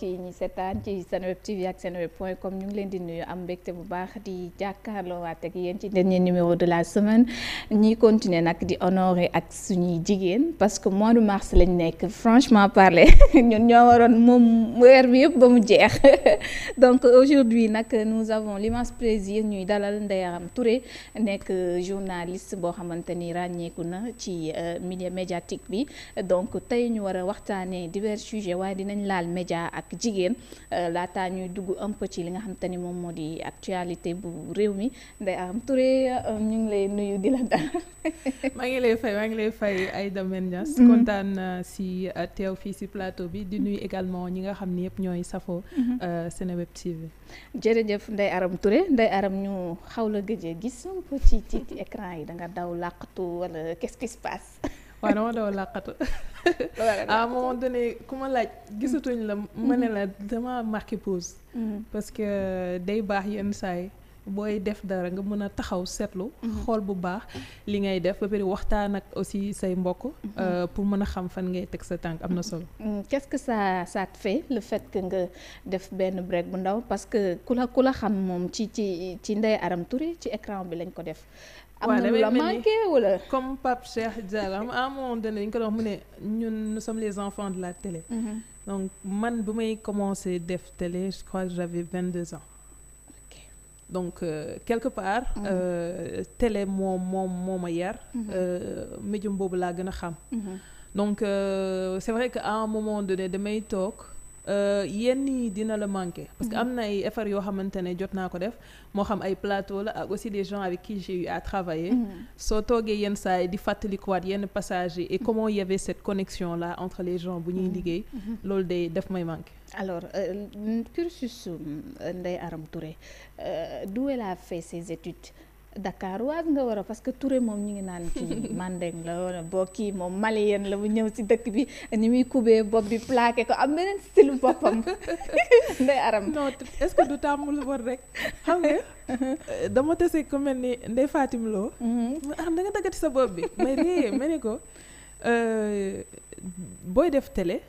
mbokk yi ñi seetaan ci Senweb TV ak senweb point com ñu ngi leen di nuyu am mbégte bu baax di jàkkaarloo waat ak ci dernier numéro de la semaine ñi continuer nag di honorer ak suñuy jigéen parce que mois de mars lañ nekk franchement parler ñun ñoo waroon moom weer bi yëpp ba mu jeex donc aujourd'hui nag nous avons l'immense plaisir ñuy dalal Ndeye Arame Touré nekk journaliste boo xamante ni ràññeeku na ci euh, milieu médiatique bi donc tey ñu war waxtaanee divers jigéen euh, laataa ñuy dugg un peu ci li nga xam te ni moom moo di actualité bu réew mi Ndeye Arame Touré euh, ñu ngi lay nuyu di la dal maa ngi lay fay maa ngi lay fay Aïda Mbène Niass mm-hmm. kontaan euh, si teew fii si plateau bi di nuyu également ñi nga xam ni yëpp ñooy safoo mm-hmm. Seneweb TV jërëjëf Ndeye Arame Touré Ndeye Arame ñu xaw la gëjee gis un peu ci écran yi da nga daw làqatu wala quest qui se waaw dama daw làqatu à un moment ku ma laaj gisatuñ la ma ne la dama marqué pause mm-hmm. parce que day baax yenn saay booy def dara nga mën a taxaw seetlu mm-hmm. xool bu baax li ngay def ba pare waxtaan ak aussi say mbokk mm-hmm. euh, pour mën a xam fan ngay teg sa tànk am na solo qu'est-ce que ça saa te fait le fait nga def benn break bu ndaw parce que ku la ku la xam moom ci ci ci Ndeye Arame Touré ci écran bi lañ ko def am na lu la manqué comme Pape Cheikh Diallo à un moment ñu ko doon mu ne ñun nous sommes les enfants de la télé. Mm-hmm. donc man bu may commencé def télé je crois que j'avais vingt deux ans. donc euh, quelque part. Mm -hmm. euh, télé moom moom moo ma yar. Mm-hmm. Euh, médium boobu laa gën a xam. Mm-hmm. donc euh, c'est vrai que à un moment damay toog Euh, yenn yi dina la manqué parce que mhm. am na ay effort yoo xamante ne jot naa ko def moo xam ay plateau la ak aussi des gens avec qui j'ai eu à travailler mhm. soo toogee yenn saa di fàttalikuwaat yenn passage yi et mhm. comment il y avait cette connexion là entre les gens bu ñuy liggéey loolu day def may manqué alors euh, cursus euh, Ndeye Arame Touré d'où elle a fait ses études dakaar waa nga war a parce que Touré moom ñu ngi naan kii Mandeng la wala boo kii moom malien la bu ñëw si dëkk bi ni muy kubee bopp bi plaqué ko am beneen style boppam ndey aram non est-ce que lu tàmmul war rek xam nga dama tese ku mel ni Ndeye Fatim Lo mhm. aram da nga daggati sa bopp bi may réyee ma ni eh, ko euh, booy def tele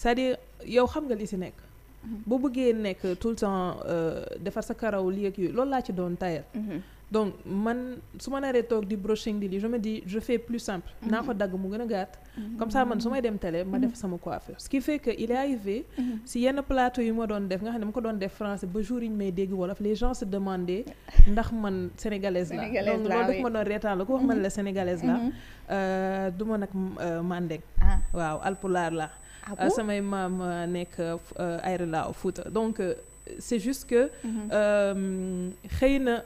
cest à yow xam nga li si nekk mhm. boo bëggee nekk tout le temps euh, defar sa karaw lii ak loolu laa ci doon tayal mhm. donc man su ma naree toog di brushing di lii je me dis je fais plus simple. Mhm. naa ko dagg mu gën a gàtt. Mhm. comme ça man su may dem tele ma mhm. def sama coiffure. ce qui fait que il est arrivé. si yenn plateau yu ma doon def nga xam ne ma ko doon def français ba jour yi ñu may dégg wolof les gens se ndax man sénégalaise la. sénégalaise la donc loolu daf ma doon reetaan la ko wax man la sénégalaise la. Euh, du ma nag euh, mandeng. Ah. waaw alpulaar la. Ah euh, samay maam nekk Aéré Lao Fouta donc c' xëy na.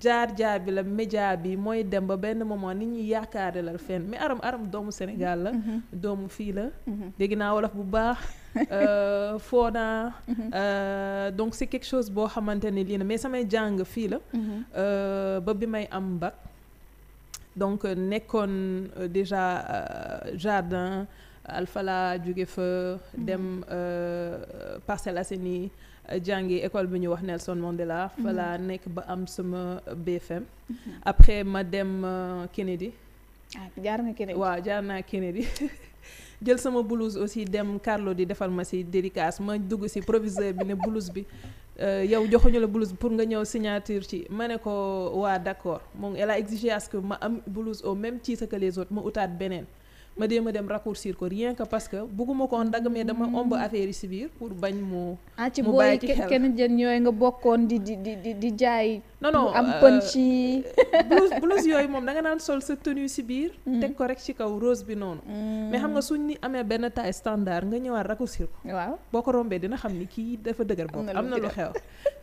jaar-jaar bi la média bi mooy dem ba benn moment nit ñi yaakaare la fenn mais aram aram doomu Sénégal la. Mm-hmm. doomu fii la. Mm-hmm. dégg naa wolof bu baax. Euh, foo mm-hmm. euh, donc c'est quelque chose boo xamante ne lii na mais samay jàng fii la. Euh, ba bi may am bac donc nekkoon déjà jardin Alfala jóge fa. dem Parcelles Assainies. jàngi école bi ñu wax Nelson Mandela. fa mhm. laa nekk ba am sama BFM. Mhm. après ma dem euh, Kennedy. ah jaar na Kennedy waaw jaar naa Kennedy. jël sama blouse aussi dem Carlo di defal ma si dédicace ma dugg si proviseur bi ne blouse bi euh, yow joxuñu la blouse pour nga ñëw signature ci ma ne ko waa d'accord moom elle a exigé que ma am blouse au même titre que les autres ma utaat beneen. ma dee ma dem raccourcir ko rien que parce que bugguma koon dagg mais dama mm. omb affaire yi si biir pour bañ mu. mu bàyyi ci xel ah ci booy kenn jën ñooy nga bokkoon di di di di jaay. non non am euh, punch yi yooyu moom da nga naan sol sa tenue si biir. Mm. teg ko rek ci kaw rose bi noonu. Mm. mais xam nga suñ ni amee benn taille standard nga ñëwaat raccourcir ko. waaw boo ko rombee dina xam ni kii dafa dëgër bopp. am na lu xew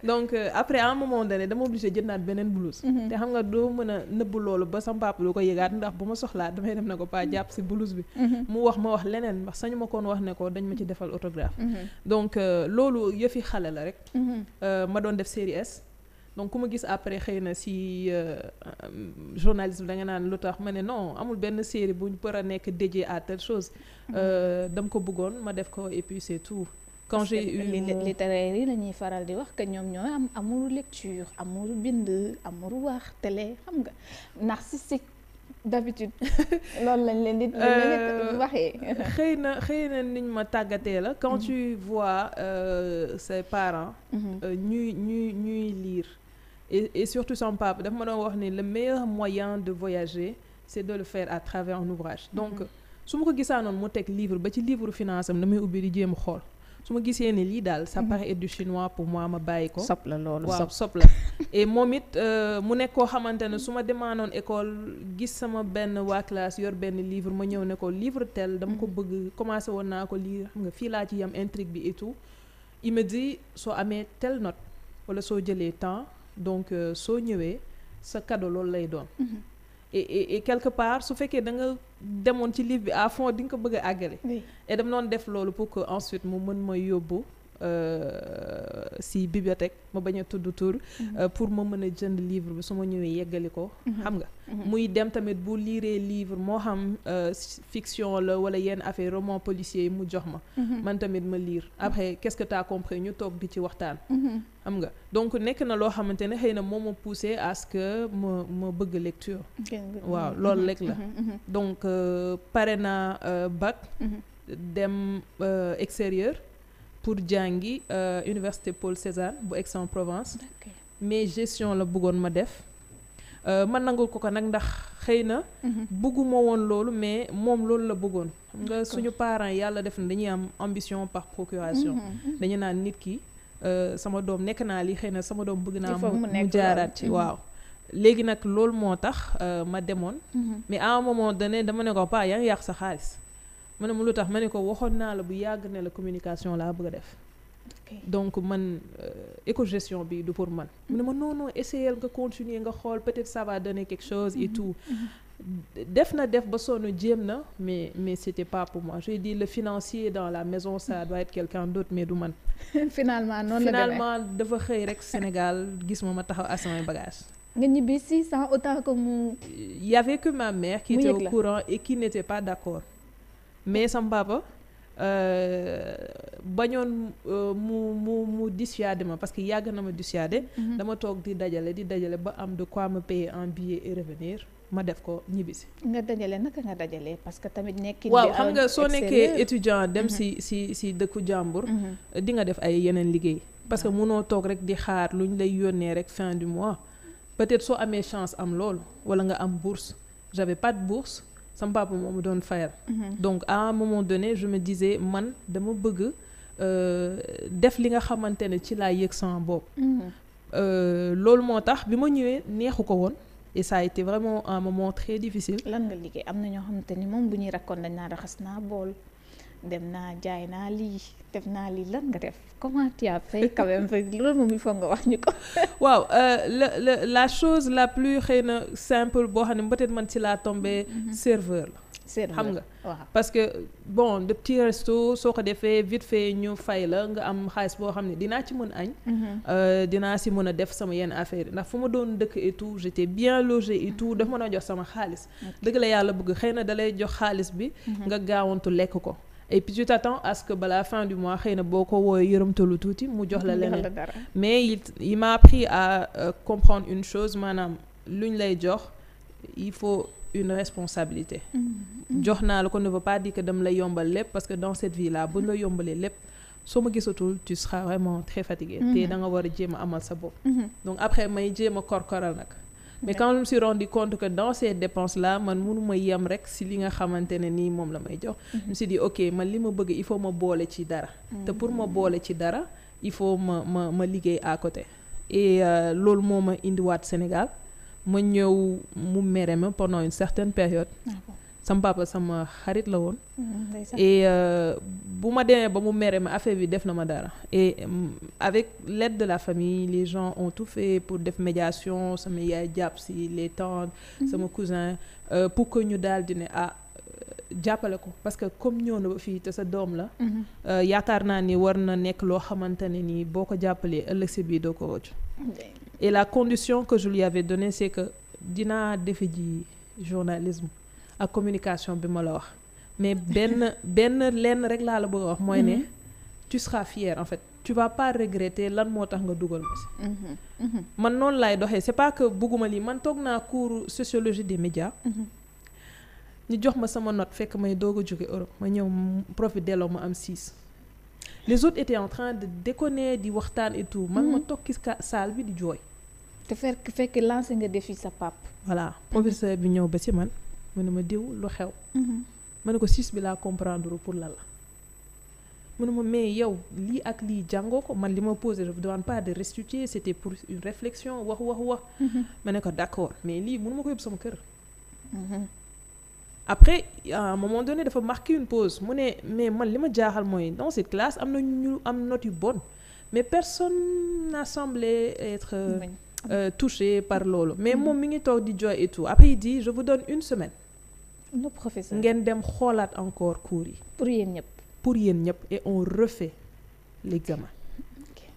donc euh, après à un moment donné dama obligé jëndaat beneen blouse. Mm-hmm. te xam nga doo mën a nëbb loolu ba sa papa du ko yëgaat ndax bu ma soxlaa damay dem na ko paa mm-hmm. jàpp si blouse bi. Mm-hmm. mu wax ma wax leneen ndax sañu ma koon wax ne ko dañ ma ci defal autographe. donc euh, loolu yëfi xale la rek. ma doon def série donc ku ma gis après xëy na si euh, euh, journalisme da danga naan lu tax ma ne non amul benn série bu ñu war a nekk dédié à telle chose. Mhm. Euh, dam ko bëggoon ma def ko et puis c'est tout. quand j'ai eu littéraire yi la ñuy faral di wax que ñoom ñooy am amul lecture amul bind amul wax tele xam nga narcissique d'habitude loolu lañ leen di waxee xëy na xëy na niñ ma tàggatee la quand mhm. tu vois euh, parent parents mhm. ñuy ñuy ñuy lire et surtout son papa dafa ma doon wax ni le meilleur moyen de voyager c'est de le fair à travers un ouvrage mm-hmm. donc su ma ko gisaanoon mu teg livre ba ci livre finance am damay ubbi di jéem xool su ma gisee ni lii daal ça mm-hmm. paraît être du chinois pour moi ma bàyyi ko sopp la loolu waaw sopp la et moom it euh, mu nekk koo xamante ne su ma demaanoon école gis sama benn waa classe yor benn livre ma ñëw ne ko livre tell dama ko mm-hmm. bëgg commencé woon naa ko lii xam nga fii laa ci yam intrigue bi et tout il me soo amee telle note wala soo jëlee temps donc euh, soo ñëwee sa cadeau loolu lay doon. Mhm. Et, et, et quelque part su fekkee da nga demoon ci livre bi à fond di nga ko bëgg a àggale. et dama doon def loolu pour que ensuite mu mën ma yóbbu. Euh, si bibliothèque ma bañ a tudd tur mhm. euh, pour ma mën a jënd livre bi su ma ñëwee yeggali ko mhm. xam nga mhm. muy dem tamit bu liiree livre moo xam euh, fiction la wala yenn affaire roman policier yi mu jox ma man tamit ma liir après qu'est-ce que t'as compris ñu toog di ci waxtaan xam nga donc nekk na loo xamante ne xëy na moom ma poussé à que ma ma bëgg lecture waaw loolu lekk la donc pare naa bac dem extérieur pour jàngi euh, université pole César bu Aix-en-Provence mais gestion la bëggoon ma def euh, man nangul ko ko nag ndax xëy na mhm. bëgguma woon loolu mais moom loolu la bëggoon nga suñu parents yàlla def na dañuy am ambition par procuration mhm, mhm. dañu naan nit ki euh, sama doom nekk naa li xëy na sama doom bëgg naa mu jaaraat ci waaw léegi nag loolu moo tax ma demoon mais à un moment dama ne ko pas yaa ngi yàq sa xaalis ma ne ma lu tax ma ne ko waxoon naa la bu yàgg ne la communication laa bëgg a def. donc man euh, éco-gestion bi du pour man. mu ne ma non non essayel nga continuer nga xool peut-être ça va donner quelque chose et mhm. tout. Mhm. def na def ba sonn jéem na mais mais c'était pas pour moi j'ai dit le financier dans la maison ça mhm. doit être quelqu'un d'autre mais du man. finalement noonu la finalement dafa xëy rek Sénégal gis ma ma taxaw à samay bagages. nga ñibbi si sans autant que mu. y avait que ma mère. qui était au courant et mais sama papa euh, bañoon euh, mu mu mu dissuader ma parce que yàgg na ma dissuader. Mhm. dama toog di dajale di dajale ba am de quoi me payer en billet et revenir ma def ko ñibbisi. nga dajale naka nga dajale parce que tamit nekk waaw am nga soo nekkee étudiant dem mhm. si si si dëkku jàmbur. Mhm. di nga def ay yeneen liggéey. parce que munoo toog rek di xaar lu ñu lay yónnee rek fin du mois peut-être soo amee chance am lool walla nga am bourse j'avais pas de bourse. sa papa moo ma doon fayal. Mhm. donc à un moment donné je me disais man dama bëgg euh, def li nga xamante ne ci laa yëg sama bopp. Mhm. Euh, loolu moo tax bi ma ñëwee neexu ko woon. et ça a été vraiment un moment très difficile. lan nga liggéey am na ñoo xamante ni moom bu ñuy rakkoon dañ naa raxas naa bool. dem naa jaay naa lii def naa lii lan nga def comment tu as fait quand même loolu moom il faut nga wax ñu ko. waaw la euh, la la chose la plus xëy na simple boo xam ne peut-être man ci laa tombé mm-hmm. Mm-hmm. serveur la. xam nga parce que bon de petit resto soo ko defee vite fait ñu fay la nga am xaalis boo xam ne dinaa ci mën añ mm-hmm. euh, dinaa si mën a def sama yenn affaire ndax fu ma doon dëkk et tout j'étais bien logé et daf mën a jox sama xaalis dëgg la yàlla bëgg xëy na dalay jox xaalis bi nga gaawantu lekk ko et puis tu t'attends à ce que balaa la fin du mois xëy na boo ko woowee yërëmtalu tuuti mu jox la leneen mais il il m'a appris à euh, comprendre une chose maanaam lu luñ lay jox il faut une responsabilité mm-hmm. jox naa la ko ne veut pas di ko dem la yombal lépp parce que dans cette vie là buñ la yombalee lépp soo ma gisatul tu seras vraiment très fatigué mm-hmm. te da war a jéem amal sa bopp mm-hmm. donc après may jéem a korkoral nag mais quand je me suis rendu compte que dans ces dépenses là man mënuma yem rek si li nga xamante ne nii moom la may jox mhm. je me suis dit ok man li ma bëgg il faut ma boole ci dara mhm. te pour ma boole ci dara il faut ma ma ma liggéey à côté et euh, loolu moo ma indiwaat Sénégal ma ñëw mu mere ma pendant une certaine période sama papa sama xarit la woon. Mm-hmm, euh, bu ma demee ba mu mere ma affaire bi def na ma dara et mm, avec l'aide de la famille les gens on tout fait pour def médiation sama yaay jàpp si les tantes. Mm-hmm. sama cousin euh, pour que ñu daal di ne ah jàppale ko parce que comme ñëw na ba fii te sa doom la. Mm-hmm. Euh, yaakaar naa ni war na nekk loo xamante ne nii boo ko jàppalee ëllëg si bii doo ko wócc. et la condition que je lui avais c'est que dinaa defe ji journalisme. ak communication bi ma la wax mais benn benn lenn rek laa la bëgg a wax mooy ne mhm. tu seras fier en fait tu vas pas regretter lan moo tax nga dugal ma si mhm. Mhm. man noonu laay doxee c'est pas que bugguma lii man toog naa cours sociologie de médias ñu jox ma sama note fekk may doog a jóge Europe ma ñëw profit delloo ma am 6 les autres étaient en train de déconner di waxtaan et tout man ma tokki saal bi di jooy te fekk fekk lancé nga defi sa pap voilà professeur bi ñëw ba si man mu ne ma diw lu xew mm-hmm. ma ne ko siis bi laa comprendre pour la la mu ne ma mais yow lii ak lii jàngoo ko man li ma posé daf demande pas de restituer c'était pour une réflexion wax wax wax mm-hmm. ma ne ko d'accord mais lii mënu ma ko yóbbu sama kër mm-hmm. après à dafa marqué une mu ne mais man li ma jaaxal mooy dans am na ñu am note mais personne n'a semblé être euh, euh, par loolu mais moom mi ngi toog di jooy et je vous donne une semaine ngeen dem xoolaat encore cours yi. pour yéen ñëpp. pour yéen ñëpp et on refait l'examen. Okay.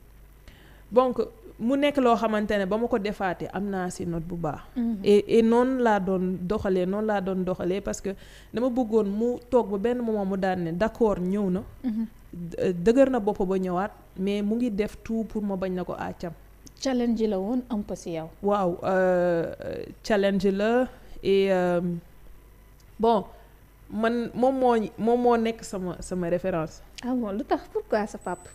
donc mu nekk loo xamante ne ba ma ko defaatee am naa si note bu baax. Mhm. et et laa doon doxalee noonu laa doon doxalee parce que dama bëggoon mu toog ba benn moment mu daan ne d'accord ñëw na. Mhm. Euh, dëgër na bopp ba ñëwaat mais mu ngi def tout pour ma bañ na ko àccam. challenge la woon am ko si yow. waaw euh, challenge la euh, bon man moom moom moo nekk sama sama référence. ah lu tax pourquoi sa papa.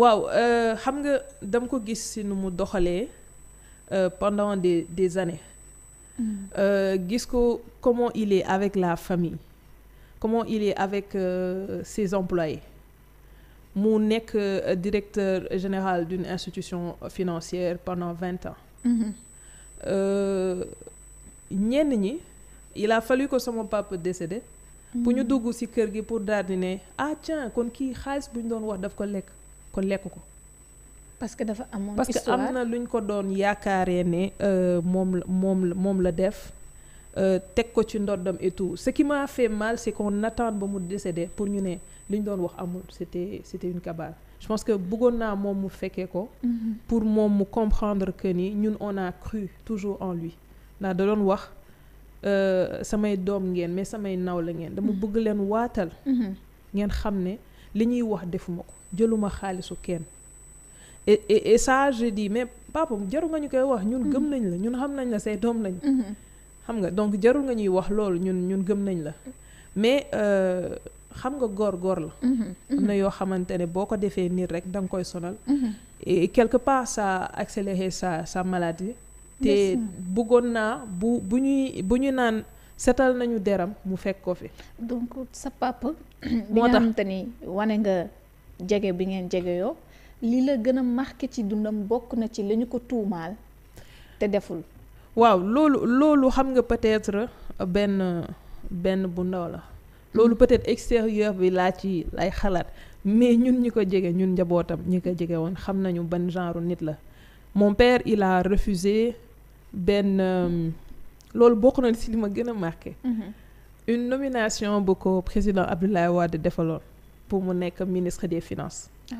waaw euh, xam nga dama ko gis si nu mu doxalee euh, pendant des des années. Mm. Euh, gis ko comment il est avec la famille. comment il est avec euh, ses employés mu nekk euh, directeur général d'une institution financière pendant vingt ans. Mm-hmm. ñenn ñi. il fal fallu que sama papa décédé. bu ñu mm. dugg ci kër gi pour daal di ne ah tiens kon kii xaalis bu ñu doon wax daf ko lekk kon lekk ko. parce que dafa amoon parce am na lu ñu ko doon yaakaaree ne euh, moom la moom la moom la def euh, teg ko ci ndoddam et tout ce qui m'a fait mal c'est qu'on attend ba mu décédé pour ñu ne li ñu doon wax amul c'était c'était une cabale je pense que bëggoon naa moom mu fekkee ko. Mm-hmm. pour moom mu comprendre que ni ñun on a cru toujours en lui ndax da doon wax. Euh, samay doom ngeen mais samay naw la ngeen dama mm-hmm. bëgg leen waatal mm-hmm. ngeen xam ne li ñuy wax defuma ko jëluma xaalisu kenn et et mais papa jarul nga ñu koy wax ñun gëm mm-hmm. nañ la ñun xam nañ la say doom lañ xam nga donc jarul nga ñuy wax loolu ñun ñun gëm nañ la mais euh, xam nga góor góor la am na yoo xamante ne boo ko defee nii rek danga koy sonal quelque part sa accéléré sa sa maladie te bëggoon naa bu bu ñuy bu ñu naan setal nañu deram mu fekk ko fi. donc sa papa. bi ni wane nga jege bi ngeen jege yoo li la gën a marqué ci dundam bokk na ci la ñu ko tuumaal te deful. waaw loolu loolu xam nga peut-être benn benn bu ndaw la. loolu mm. peut-être extérieur bi laa ci lay xalaat mais ñun ñi ko jege ñun njabootam ñi ko jege woon xam nañu ban genre nit la. mon père il a refusé benn euh, loolu bokk na si li ma gën a marqué. Mhm. une nomination bu ko président waa Wade defaloon pour mu nekk ministre des finances. Ah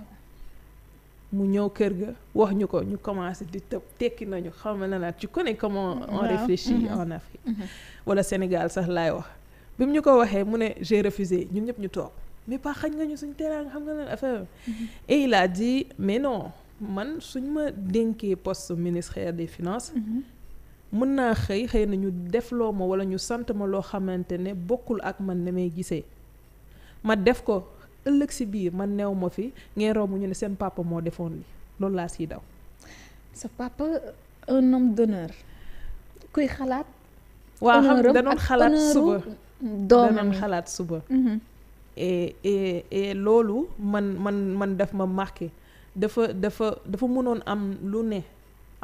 mu ñëw kër ga wax ñu ko ñu commencé di tëb tekki nañu xam na la tu connais comment on réfléchit mhm. en Afrique. Mhm. wala Sénégal sax laay wax. bi mu ñu ko waxee mu ne j'ai refusé ñun ñëpp ñu toog mais pas xañ nga ñu suñ teraanga xam nga ne affaire et il a mais non man suñ ma dénkee post ministère des finances. mën naa xëy xëy na ñu defloo ma wala ñu sant ma loo xamante ne bokkul ak man ne may gisee ma def ko ëllëg si biir man neew ma fi ngeen romb ñu ne seen papa moo defoon li loolu laa siy daw. sa papa un homme d'honneur kuy xalaat. waaw xam nga danoon xalaat doomam xalaat suba. Mhm. loolu man man man daf ma marqué dafa dafa dafa mënoon am lu ne.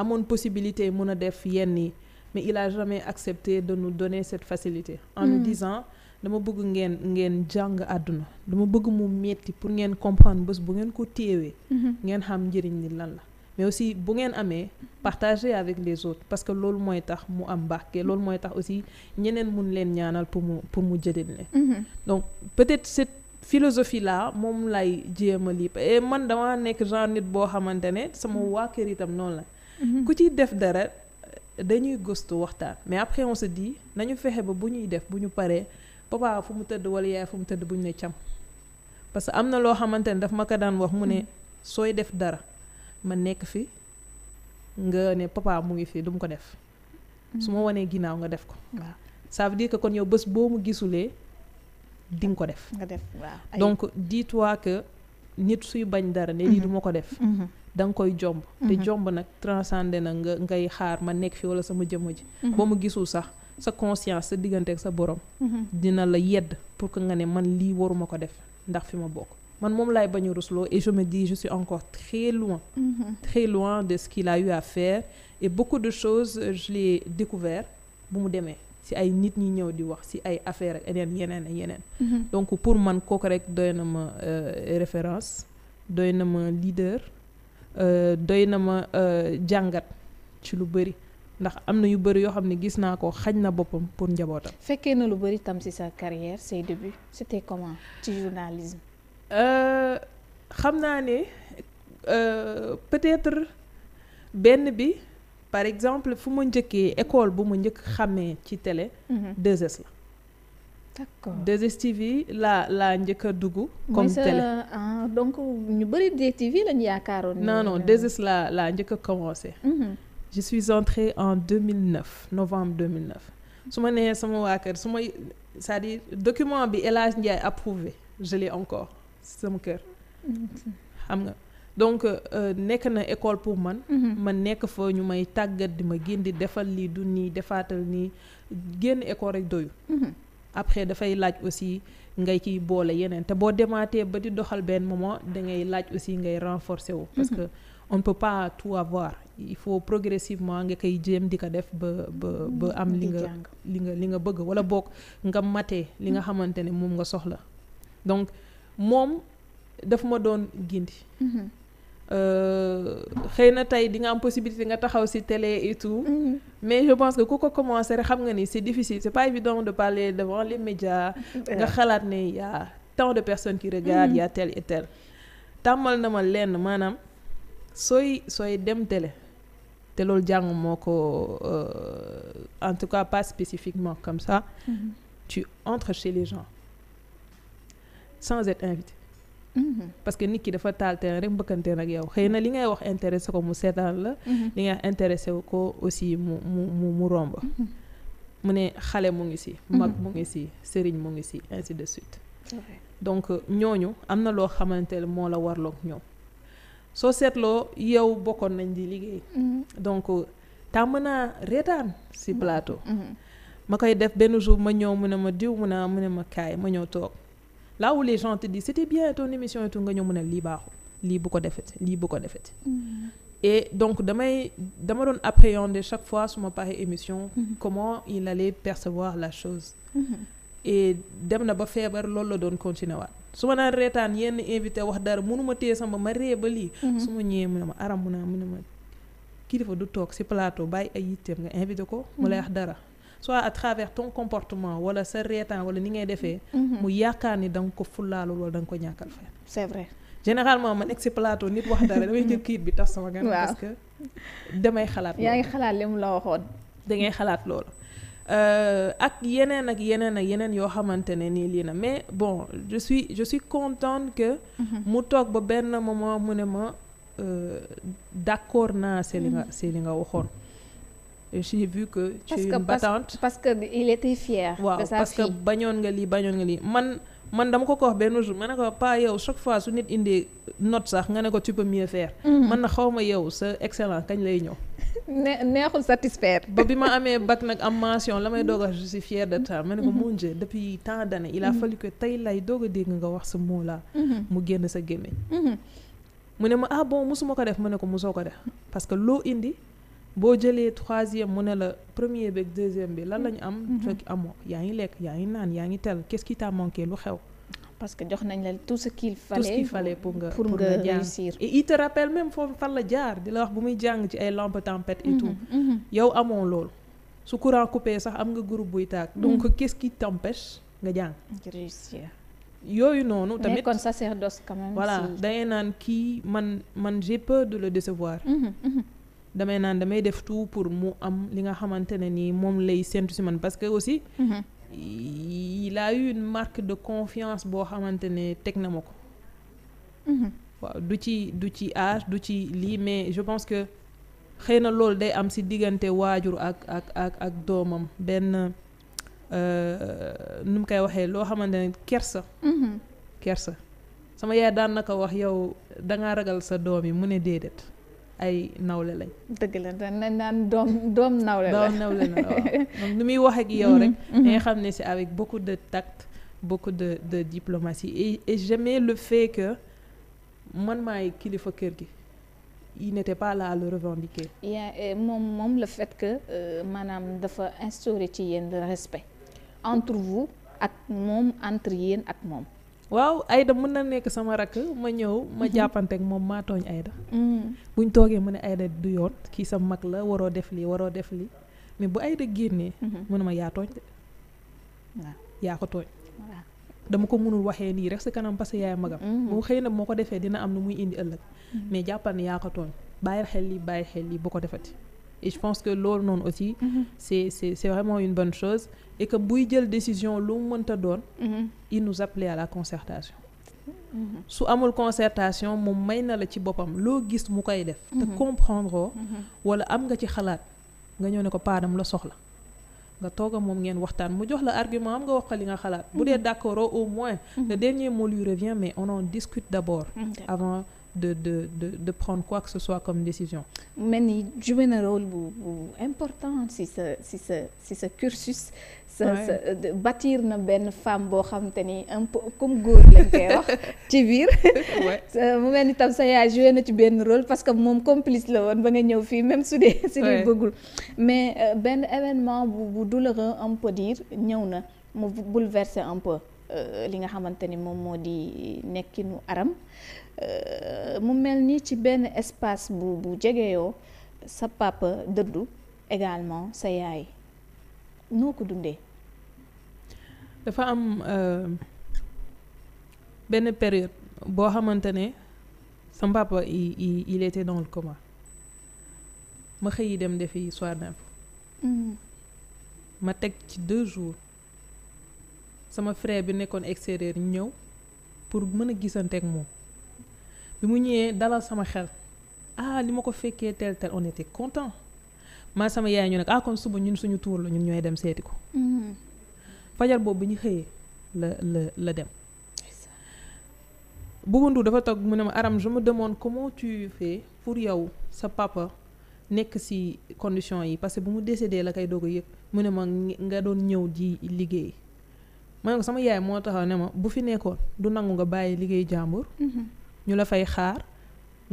amoon possibilité mun a def yenn yi mais il a jamais accepté de nous donner cette facilité en nous hmm. dama bëgg ngeen ngeen jàng àdduna dama bëgg mu metti pour ngeen comprendre bés bu ngeen ko téewee hmm. ngeen xam njëriñ li lan la mais aussi bu ngeen amee partager avec les autres parce que loolu mooy tax mu am barke loolu mooy tax aussi ñeneen mun leen ñaanal pour mu pour mu jëriñ leen hmm. donc peut-être cette philosophie là moom lay jéem a lii man dama nekk genre boo xamante ne sama waa itam noonu la Mm-hmm. ku ciy def dara dañuy gëstu waxtaan mais après on se nañu fexe ba bu ñuy def bu ñu paree papa fu mu tëdd wala yaay fu mu tëdd bu ñu ne cam parce que am na loo xamante ne daf ma ko daan wax mu ne mm-hmm. sooy def dara ma nekk fi nga ne papa mu ngi fi du ko def mm-hmm. su ma wanee ginnaaw nga def ko sa ça veut kon yow bés boo mu gisulee di nga ko def nga def waaw donc dis que nit suy bañ dara ne lii du ma ko def da nga koy jomb mhm. te jomb nag transcender na nga ngay xaar ma nekk fi wala sama jëmm ji mhm. boo ma gisul sax sa conscience sa diggante ak sa borom mhm. dina la yedd pour que nga ne man lii waruma ko def ndax fi ma bokk man moom lay bañ a rusloo et je me dis je suis encore très loin très loin de ce qu'il et beaucoup de choses euh, je l'ai découvert bu mu demee si ay nit ñi ñëw di wax si ay affaire ak yeneen yeneen ak yeneen donc pour man kooku rek doy na ma euh, référence doy na ma leader Euh, doy na ma euh, jàngat ci lu bëri ndax am na yu bëri yoo xam ne gis naa ko xañ na boppam pour njabootam. fekkee na lu bëri tam ci sa carrière say début c'était comment ci journalisme. Euh, xam naa ne peut-être benn bi par exemple fu ma njëkkee école bu ma njëkk xàmmee ci télé. Mhm. d'accord 2STV laa laa njëkk a dugg. comme télé ah donc ñu bëri 2STV lañu yaakaaroon. non non 2S laa laa njëkk a commencé. Mhm. je suis entrée en 2009 novembre 2009. su ma nee sama waa kër su may c'est-à-dire document bi El Hadj Ndiaye approuvé je l'ai encore sama kër. xam nga donc euh, nekk na école pour man. Mhm. ma nekk fa ñu may tàggat di ma génn di defal lii du nii defaatal nii génn école rek doyu mhm. après dafay laaj aussi ngay ciy boole yeneen te boo demaatee ba di doxal benn moment da ngay laaj aussi ngay renforcer wu. parce que mm-hmm. on ne peut pas tout avoir il faut progressivement nga koy jéem di ko def ba ba mm-hmm. am li nga li nga li nga bëgg wala boog nga matee li nga xamante ne moom nga soxla donc moom daf ma doon gindi. Mm-hmm. Euh, xëy na tey di nga am possibilité nga taxaw si télé et tout mm-hmm. mais je pense que ku ko commencé rek xam nga ni c'est difficile c'est pas évident de parler devant les médias nga xalaat ne y tant de personnes qui regardent y a tel et tel tàmmal na ma lenn maanaam sooy sooy dem télé te loolu jàng moo ko euh, en tout cas pas spécifiquement comme ça mm-hmm. tu entres chez les gens sans être Mm-hmm. parce que nit ki dafa taal terrain rek mbëkkante nag yow xëy na li ngay wax intéressé ko mu seetaan la. Mm-hmm. li ngay intéressé ko aussi mu mu mu mu romb. Mm-hmm. mu ne xale mu ngi si. mag mu ngi si sëriñ mu ngi si ainsi de suite. donc ñooñu am na loo xamante ne moo la warlook ñoom soo seetloo yow bokkoon nañ di liggéey. donc tàmm naa reetaan si plateau. ma koy def benn jour ma ñëw mu ne ma diw mu ne ma kaay ma ñëw toog. là où les gens te disent c'était bien ton émission et tout nga ñëw mu ne lii baaxul lii bu ko defet lii bu ko defet mm-hmm. et donc damay dama doon de chaque fois su ma paree émission mm-hmm. comment il allait percevoir la chose mm-hmm. et dem na ba feebar loolu la doon continuer waat su ma naan reetaan yenn invité wax dara mënuma téye sama ma ree ba lii su ma ñëwee mu ne ma aram mu ne ma kilifa du toog si plateau bàyyi ay yitteem nga invité ko mu lay wax dara soit à travers ton comportement wala sa reetaan wala ni ngay defee mhm. mu yaakaar ni da nga ko fullaalul wala da nga ko ñàkkal fay c'est vrai généralement ma nekk si plateau nit wax dara damay jël kayit bi tax sama gan parce que damay xalaat yaa ngi xalaat li mu la waxoon da ngay xalaat loolu euh, ak yeneen ak yeneen ak yeneen yoo xamante ne nii lii na mais bon je suis je que mhm. mu toog ba benn moment mu ne ma euh, d'accord naa si li nga mhm. si li nga waxoon j'ai vu que tu battante parce que il était fier waaw parce que bañoon nga lii bañoon nga lii man man dama ko ko wax benn jour ma ne ko pas yow chaque fois su nit indee not sax nga ne ko tu peux fair mm-hmm. man na xaw ma yow sa excellent kañ lay ñëw neexul satisfaire ba bi ma amee bac nag am mention la may doog a je suis fière de toi ma ne ko mm-hmm. mon Dieu depuis tant d'années il a mm-hmm. tey lay doog a dégg nga wax sa moolaa mu génn sa gémmiñ mu ne ma ah bon mosuma ko def ma ne ko mosoo ko def que loo indi boo jëlee troisième mu ne la premier beeg deuxième bi lan mm-hmm. la ñu am. Mm-hmm. fekk amoo yaa ngi lekk yaa ngi naan yaa ngi tel kes ce qui t'a lu xew. parce que jox nañ la tout sa kii fallait. tout ce qu'il pour nga pour nga réussir. et il te rappelle même foofu fan la jaar di la wax bu muy jàng ci ay lampe tempête et tout. Mm-hmm. yow amoo loolu. su courant coupé sax am nga groupe buy taag. donc qu'est-ce qui t'empêche nga jàng. réussir. yooyu noonu tamit mais kon sacerdoce quand même. voilà da naan kii man man j'ai du la le damay naan damay def tout pour mu am li nga xamante ne ni moom lay séntu si man parce que aussi. Mhm. la a une marque de confiance boo xamante ne teg na ma ko. Mhm. waaw du ci du ci âge du ci lii mais je pense que xëy na loolu day am si diggante waajur ak ak ak ak doomam benn euh, nu mu koy waxee loo xamante ne kersa. Mhm. kersa sama yaay daan na ko wax yow da ngaa ragal sa doom yi mu ne déedéet. ay nawle lañ. dëgg la naan doom doom nawle la nawle la waaw nu muy wax ak yow rek. Mhm, mhm. da xam ne si avec beaucoup de tact bokk de de diplomatie et et le fait que man maay kilifa kër gi. yi n'était pas là à le revendiquer. yaa euh, moom moom la fait que euh, maanaam dafa instaurer ci yéen le respect entre vous ak moom entre yéen ak moom. waaw Aida mën na nekk sama rakk ma ñëw ma mhm. jàppanteeg moom maa tooñ Aida. Mm. buñ toogee ma ne Aida du yoon kii sa mag la waroo def lii waroo def lii mais bu Aida génnee. Mhm. mu ne ma yaa tooñ de. yaa ko tooñ. dama ko mënul waxee nii rek sa kanam parce que yaay magam. bu mhm. xëy na moo ko defee dina am lu muy indi ëllëg. mais jàppal ne yaa ko tooñ bàyyi xel lii bàyyi xel lii bu ko defati. et je pense que loolu noonu aussi mhm. c'est c'est c'est vraiment une bonne chose et que buy jël décision lu mu mënta doon mhm. il nous appelait à la concertation mhm. su amul concertation moom may na la ci boppam loo gis mu koy def te comprendre oo am nga ci xalaat nga ñëw ne ko paadam la soxla nga toog a moom ngeen waxtaan mu jox la argument am nga wax ko li nga xalaat bu dee d'accord au moins le dernier mot lui revient mais on en discute d'abord avant de de de de prendre décision. mel ni joué na rôle bu important si sa si sa si sa cursus. sa sa na benn femme boo xam ni un peu comme góor lañ koy wax ci biir. mu mel ni tam yaay joué na ci benn rôle parce que moom complice la woon ba nga ñëw fii même su dee. si li bëggul mais euh, benn événement bu bu douloureux on peut ñëw na mu bouleverser un peu euh, li nga xamante ni moom moo di nekkinu aram. Euh, mu mel ni ci benn espace bu bu jege yoo sa papa dëddu également sa yaay noo ko dundee. dafa am euh, benn période boo xamante ne sama papa il il était dans ma xëy dem defi soir d'info mm-hmm. ma teg ci deux jours sama frère bi nekkoon extérieur ñëw pour mën a gisante ak moom. bi mu ñëwee dalal sama xel ah li ma ko fekkee tel tel on était content maa sama yaay ñu ne ah kon suba ñun suñu tuur la ñun ñooy dem seeti ko. Mm-hmm. fajar boobu bi ñu xëyee la la la dem. Bouboundou dafa toog mu ne ma Aram je me demande comment tu fais pour yow sa papa nekk ci condition yi parce que bu mu décédé la kay doog a yëg mu ne ma nga doon ñëw di liggéey ma ne ko sama yaay moo taxaw ne ma bu fi nekkoon du nangu nga bàyyi liggéey jàmbur. Mm-hmm. ñu la fay xaar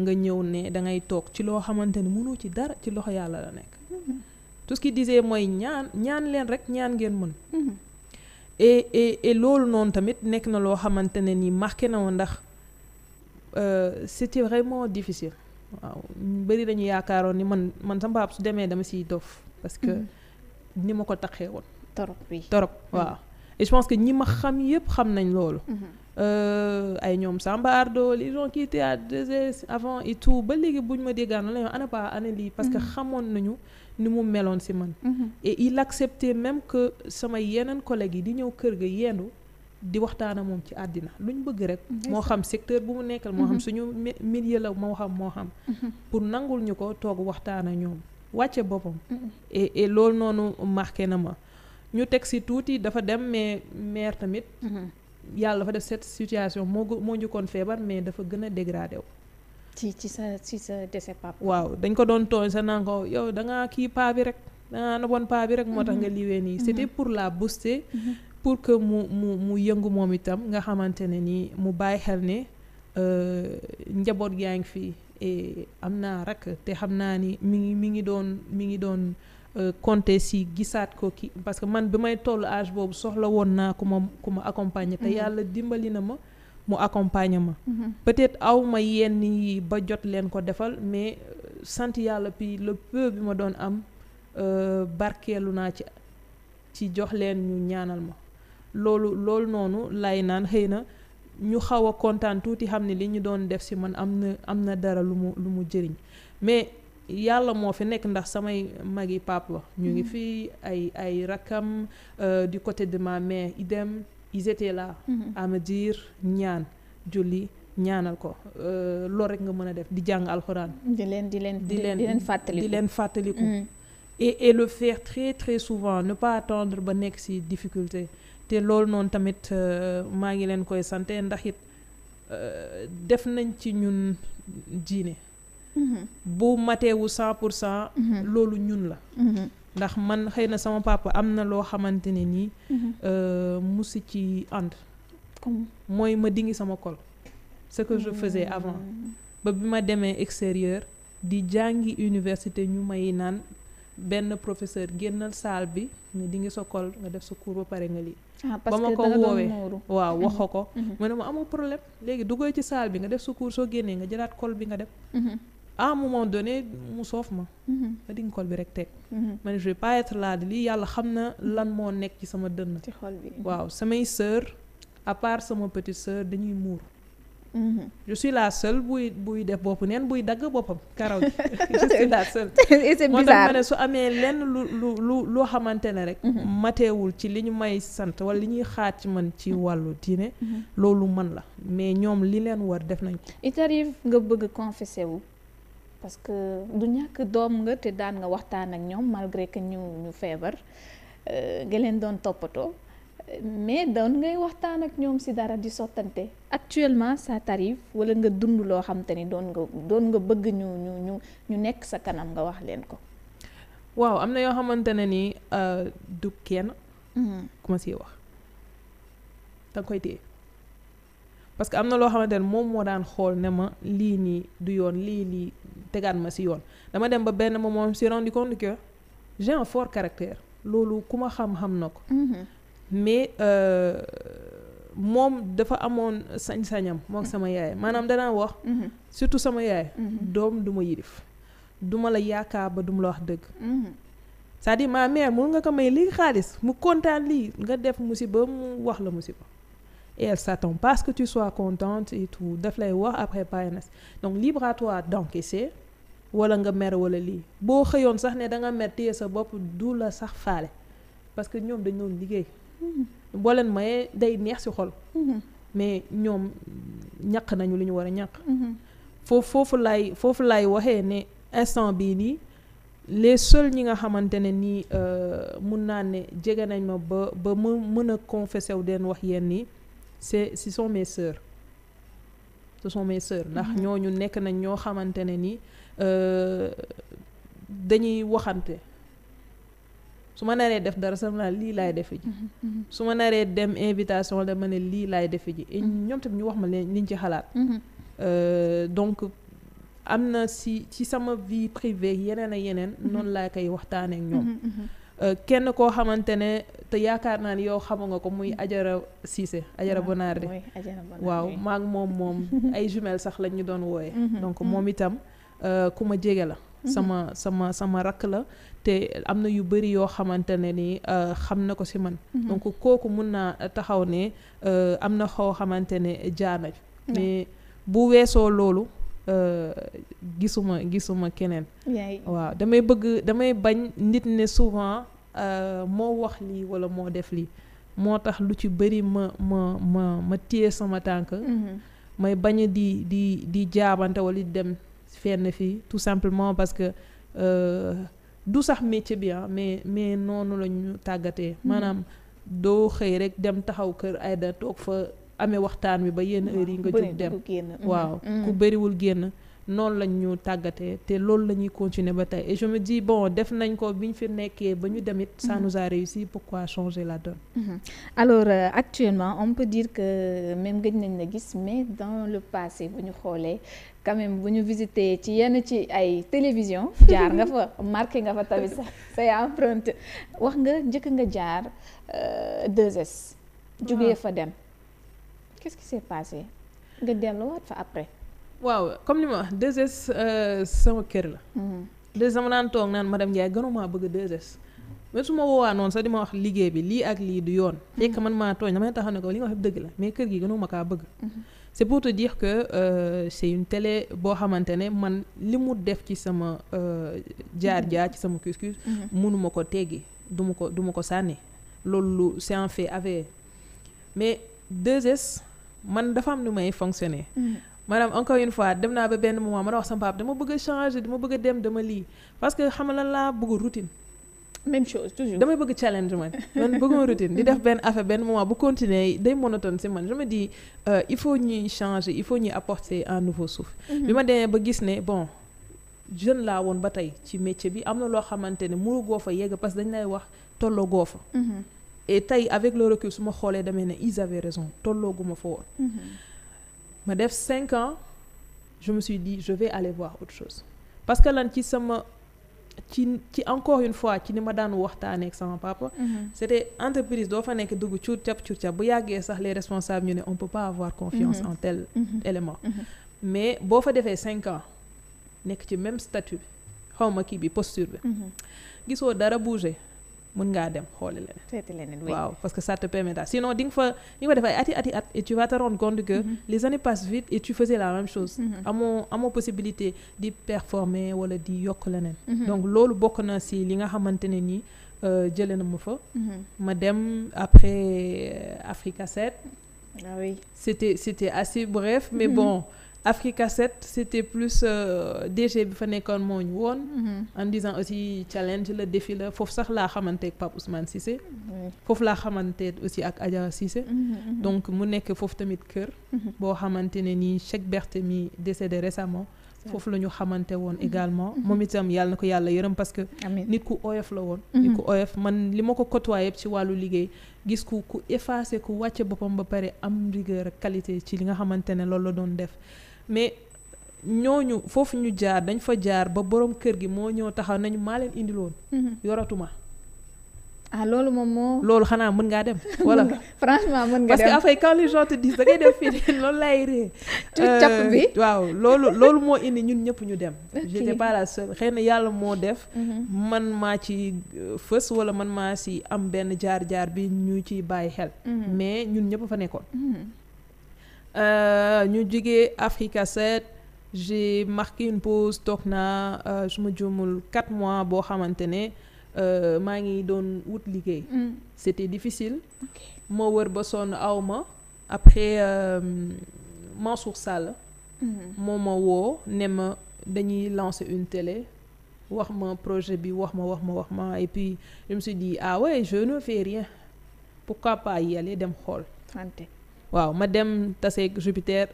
nga ñëw ne da ngay toog ci loo xamante ne mënoo ci dara ci loxo yàlla la nekk mm-hmm. tout ce qui mooy ñaan ñaan leen rek ñaan ngeen mën mm-hmm. loolu noonu tamit nekk na loo xamante ne ni marqué na woon ndax euh, c'était vraiment difficile waaw ñu bëri dañu yaakaaroon ni man man sa baab su demee dama siy dof parce que mm-hmm. ni ma ko taxee woon torop waaw et que ñi ma xam yëpp xam nañ loolu Euh, ay ñoom Samba Ardo les gens qui avant et tout ba léegi bu ñu ma déggaan noonu la ñu ana parce que mm-hmm. xamoon nañu ni mu meloon si man mm-hmm. et il acceptait même que sama yeneen collègues yi di ñëw kër gi yendu di waxtaan ak moom ci àddina lu ñu bëgg rek mm-hmm. moo xam secteur bu mu nekkal moo xam suñu milieu la moo xam moo xam pour nangul ñu ko toog waxtaan ak ñoom wàcce boppam loolu noonu marqué na ma ñu teg si tuuti dafa dem mais maire tamit yàlla dafa def set situation moo moo njëkkoon feebar mais dafa gën a dégradé ci ci sa ci sa décès papa. waaw dañ ko doon tooñ sa nangoo yow da ngaa kii paa bi rek da ngaa paa bi rek. moo tax nga mhm. liwee nii c'était mhm. pour la booster. Mhm. pour que mu mu mu yëngu moom itam nga xamante ne nii mu bàyyi xel ne euh, njaboot gaa ngi fii am naa rakk te xam naa ni mi ngi mi ngi doon mi ngi doon. Euh, compter si gisaat ko ki parce que man bi may tollu âge boobu soxla woon naa ku ma ku ma accompagner te mhm. yàlla dimbali na ma mu accompagner ma mhm. peut-être aw ma yenn yi ba jot leen ko defal mais euh, sant yàlla puis le peu bi ma doon am euh, barkeelu naa ci ci jox leen ñu ñaanal ma loolu loolu noonu lay naan xëy na ñu xaw a kontaan tuuti xam ne li ñu doon def si man am na am na dara lu mu lu mu jëriñ mais yàlla moo fi nekk ndax samay mag yi pap la ñu ngi mm-hmm. fii ay ay rakam euh, du côté de mais mère idem ils étaient là mm-hmm. ñaan julli ñaanal ko euh, loo rek nga mën a def di jàng alxuraan di leen di leen di leen fàttaliku di leen fàttaliku mm-hmm. et et souvent ne pas attendre ba nekk ci difficulté te loolu noonu tamit euh, maa ngi leen koy sante ndax it def nañ ci ñun diine bu mateewu cent pour cent loolu ñun la ndax man xëy na sama papa am na loo xamante ne nii euh, musi ci ànd mooy ma dingi sama kol ce que je faisais avant ba bi ma demee extérieur di jàngi université ñu may naan benn professeur génnal salle bi nga dingi sa kol nga def sa cours ba pare nga lii ah, ba ma ko woowee waaw mm-hmm. waxo ko mu mm-hmm. ne ma amul problème léegi duggee ci salle bi nga def sa cour soo génnee nga jëlaat kol bi nga dem mm-hmm. à moment donné mu soof ma mhm. ma bi rek teg mhm. ma ne je vais lii yàlla xam na lan moo nekk ci sama dënn ci xol bi waaw samay sœur à part sama petite sœur dañuy muur mhm. je suis la seule buy buy def bopp neen buy dagg boppam karaw gi moo tax ma ne su amee lenn lu lu lu loo xamante ne rek mateewul ci li ñu may sant wala li ñuy xaar man ci wàllu diine loolu mën la mais ñoom li leen war def nañ ko il t'arrive nga bëgg confesser wu parce que du ñàkk doom nga te daan nga waxtaan ak ñoom malgré que ñu ñu feebar euh, nga leen doon toppatoo mais doon ngay waxtaan ak ñoom si dara di sottante actuellement ça t'arrive walla nga dund loo xam te ni doon nga doon nga bëgg ñu ñu ñu ñu nekk sa kanam nga wax leen ko. waaw am na yoo xamante ne ni euh, du kenn. Mm-hmm. ku ma siy wax parce que am na loo xamante ne moom moo daan xool ne ma lii nii du yoon lii lii tegaat ma si yoon dama dem ba benn moment si rendu compte que j'ai un fort loolu ku ma xam-xam na ko mm-hmm. mais euh, moom dafa amoon sañ-sañam mook mm-hmm. sama yaay maanaam danaa wax mm-hmm. surtout sama yaay doom du ma yilif la yaakaar ba duma la wax dëgg c'est-à-dire ma mère mun nga ko may lii xaalis mu kontaan lii nga def musiba mu wax la musiba et elle s'attend pas à ce que tu sois contente et daf lay wax après PNS donc libre à toi d'encaisser wala nga mer walla lii boo xëyoon sax ne da nga mer sa bopp du la sax faale parce que ñoom dañu doon liggéey mm-hmm. boo leen mayee day neex ci xol mm-hmm. mais ñoom ñaq nañu li ñu war a ñaq mm-hmm. foofu lay foofu laay waxee ne instant bii nii les seuls ñi nga xamante ne nii euh, mun naa ne jege nañ ma ba ba mu mën a confessé wu den wax yenn nii c'est ce sont mes sœurs ce sont mes sœurs ndax mhm. nekk nañ ñoo xamante ne ni euh, dañuy waxante su ma naree def dara sama naa lii laay defe ji mhm, mhm. su ma naree dem invitation la ma ne lii laay defe ji et ñoom tamit ñu wax ma leen liñ ci xalaat euh, donc am na si ci sama vie privée yeneen a yeneen noonu laa koy waxtaanee ñoom Euh, kenn koo xamante ne te yaakaar naa ni yow xamu nga ko muy Ajara Cissé Ajara ah, Bonardi waaw maak moom moom ay jumelles sax lañ ñu doon wooye mhm, donc mhm. moom itam euh, ku ma jege la mhm. sama sama sama rakk la te am na yu bëri yoo xamante ne ni euh, xam na ko si man donc kooku mun naa taxaw ne am na xoo xamante ne jaanañ mais bu weesoo loolu Euh, gisuma gisuma keneen. waaw damay bëgg damay bañ nit ne souvent euh, moo wax lii walla moo def lii moo tax lu ci bëri ma ma ma ma téye sama tànk. Mm-hmm. may bañ di di di jaabante walla di dem fenn fii tout simplement parce que euh, du sax métier bi ah, mais mais noonu la ñu tàggatee. Mm-hmm. maanaam doo xëy rek dem taxaw kër Aïda toog fa. amee waxtaan wi ba yenn heure yi nga jóg dem mm-hmm, waaw mm-hmm. ku bëriwul génn noonu lañ ñu tàggatee te loolu la ñuy continuer ba tey et je me dis bon def nañ ko bi ñu fi nekkee ba ñu demit ça mm-hmm. nous a réussi pourquoi changer la donne alors euh, actuellement on peut dire que même gëj nañ la gis mais dans le passé bu ñu xoolee quand bu ñu visité ci yenn ci ay télévision jaar nga fa marqué nga fa tamit sa say empreinte wax nga njëkk nga jaar 2S euh, jógee ah. fa dem qu'est-ce qui s'est passé nga delluwaat fa après. waaw comme ni ma wax 2S euh, sama kër la. 2S ma naan toog naan madame Ndiaye gënumaa bëgg 2S. mais su ma woowaa sax di ma wax liggéey bi lii ak lii du yoon. Mhm. fekk man maa tooñ damay taxaw ne ko li nga wax dëgg la mais kër gi gënuma kaa bëgg. Mhm. c' pour te dire que euh, une télé boo xamante ne man li mu def ci sama euh, jaar mhm. jaar ci sama couscous. mënuma ko teggi du ma ko du ma ko sànni. loolu deux s man dafa am nu may fonctionner. Mm. maanaam encore une fois dem naa ba benn moment ma wax sama papa dama bëgg a changer dama bëgg dem dama lii parce que xam lan laa bëgg routine. même chose toujours damay bëgg challenge man man bëgguma routine di def benn affaire benn moment bu continuer day monotone si man je me dis euh, il faut ñuy changer il faut ñuy apporter en nouveau souffle. Mm-hmm. bi ma demee ba gis ne bon jeune laa woon ba tey ci métier bi am na loo xamante ne mënu goo fa yegg parce que dañ lay wax tolloo goo fa. Mm-hmm. et tey avec le recul su ma xoolee demee ne ils avaient raison ma fa woon mhm. ma def cinq ans je me suis dit je vais aller voir autre chose parce que lan ci sama ci ci encore une fois ci ni ma daan waxtaanee ak sama papa mhm. c'était entreprise doo fa nekk dugg cuur cap cuur cap bu yàggee sax les responsables ñu ne on peut pas avoir confiance mhm. en tel élément mais boo fa defee cinq ans nekk ci même statut xaw ma kii bi posture bi gisoo dara bouger mun ngaa dem xooli leneen waaw parce que ça te permet sinon di fa di nga fa def ati ati at et tu vas te rendre compte que mm-hmm. les années passent vite et tu faisais la même chose mm-hmm. amoo amoo possibilité di performer wala di yokk leneen mm-hmm. donc loolu bokk na si li nga xamante ne nii euh, jële na ma fa ma dem après euh, Africa 7 ah oui c'était c'était bref mais bon Africa 7 c'était plus euh, DG bi fa nekkoon moo ñu woon. Mhm. en disant aussi challenge la défi la foofu sax laa xamante ak Pape Ousmane Cissé. foofu laa xamante aussi ak Adja Cissé. Mhm, mhm. donc mu nekk foofu tamit kër. boo xamante ne nii Cheikh Barthélemy décédé récemment. foofu la ñu xamante woon également moom itam yàlla na ko yàlla yërëm parce que nit ku oyof la woon nit ku oyof man li ma ko côtoyé ci wàllu liggéey gis ku ku effacé ku wàcce boppam ba pare am rigueur qualité ci li nga xamante ne loolu la doon def mais ñooñu foofu ñu jaar dañ fa jaar ba boroom kër gi moo ñëw taxaw nañu maa leen indiloon. Mhm. yoratuma. ah loolu moom moo. loolu xanaa mën ngaa dem. wala franchement mën nga dem parce que affaire quand def fii loolu laay cap euh, bi waaw loolu loolu moo indi ñun ñëpp ñu dem. j'étais pas la seule xëy na yàlla moo def. Mhm. man maa ci euh, fës wala man maa si am benn jaar jaar bi ñu ci bàyyi xel. Mhm. mais ñun ñëpp fa nekkoon. Euh, ñu jugee Africa 7 j'ai marqué une toog naa euh, su ma juumul 4 mois boo xamante ne euh, maa ngi doon wut liggéey. Mm. c'était difficile. moo wër ba sonn aw ma après Mansour Sall. Mm-hmm. moo ma woo ne ma dañuy lancer une télé. wax ma projet bi wax ma wax ma wax ma et puis je me di dit ah ouais je ne fais rien pourquoi pas y dem xool. waaw ma dem taseeg Jupiter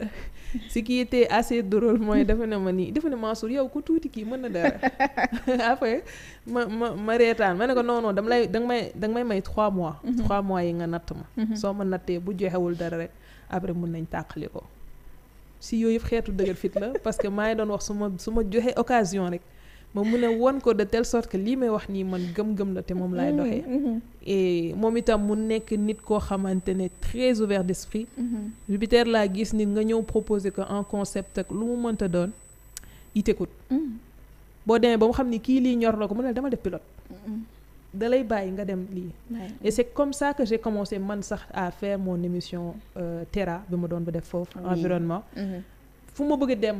ce qui était assez drôle mooy dafa ne ma nii dafa ne Mansour yow ku tuuti kii mën na dara après ma ma ma reetaan ma ne ko non non dama lay danga may danga may may trois mois. Mhm. trois mois yi nga natt ma. Mhm. soo ma nattee bu joxewul dara rek après mun nañ tàqali ko si yooyu yëpp xeetu dëgër fit la parce que maa ngi doon wax su ma su ma joxe occasion rek. ma mu ne won ko de tell sort que lii may wax nii man gëm-gëm la te moom laay mhm, doxee mhm. moom itam mu nekk nit koo xamante ne très ouvert d'esprit mhm. Jupiter laa gis nit nga ñëw proposer ko en concept ak lu mu mënta doon il t'écoute boo demee ba mu xam ne kii lii ñor la ko mu ne dama def pilote da lay bàyyi nga dem lii et c'est comme ça que j'ai commencé man sax à faire émission euh, Terra bi ma doon ba def foofu environnement fu ma bëgg dem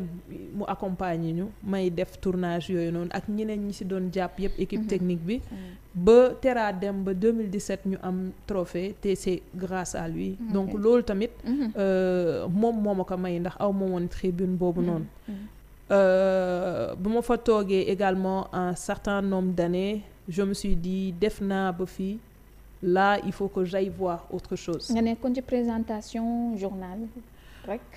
mu accompagner ñu may def tournage yooyu noonu ak ñeneen ñi ci doon jàpp yépp équipe mhm. technique bi mhm. ba Tera dem ba 2017 ñu am trophée te c'est grâce à lui donc loolu tamit mhm. euh, moom moo ma ko may ndax aw ma woon tribune boobu noonu euh, bu ma fa toogee également un certain nombre d'années je me suis di def naa ba fii là il faut que j'aille voir autre chose nga nekkoon ci présentation journal rek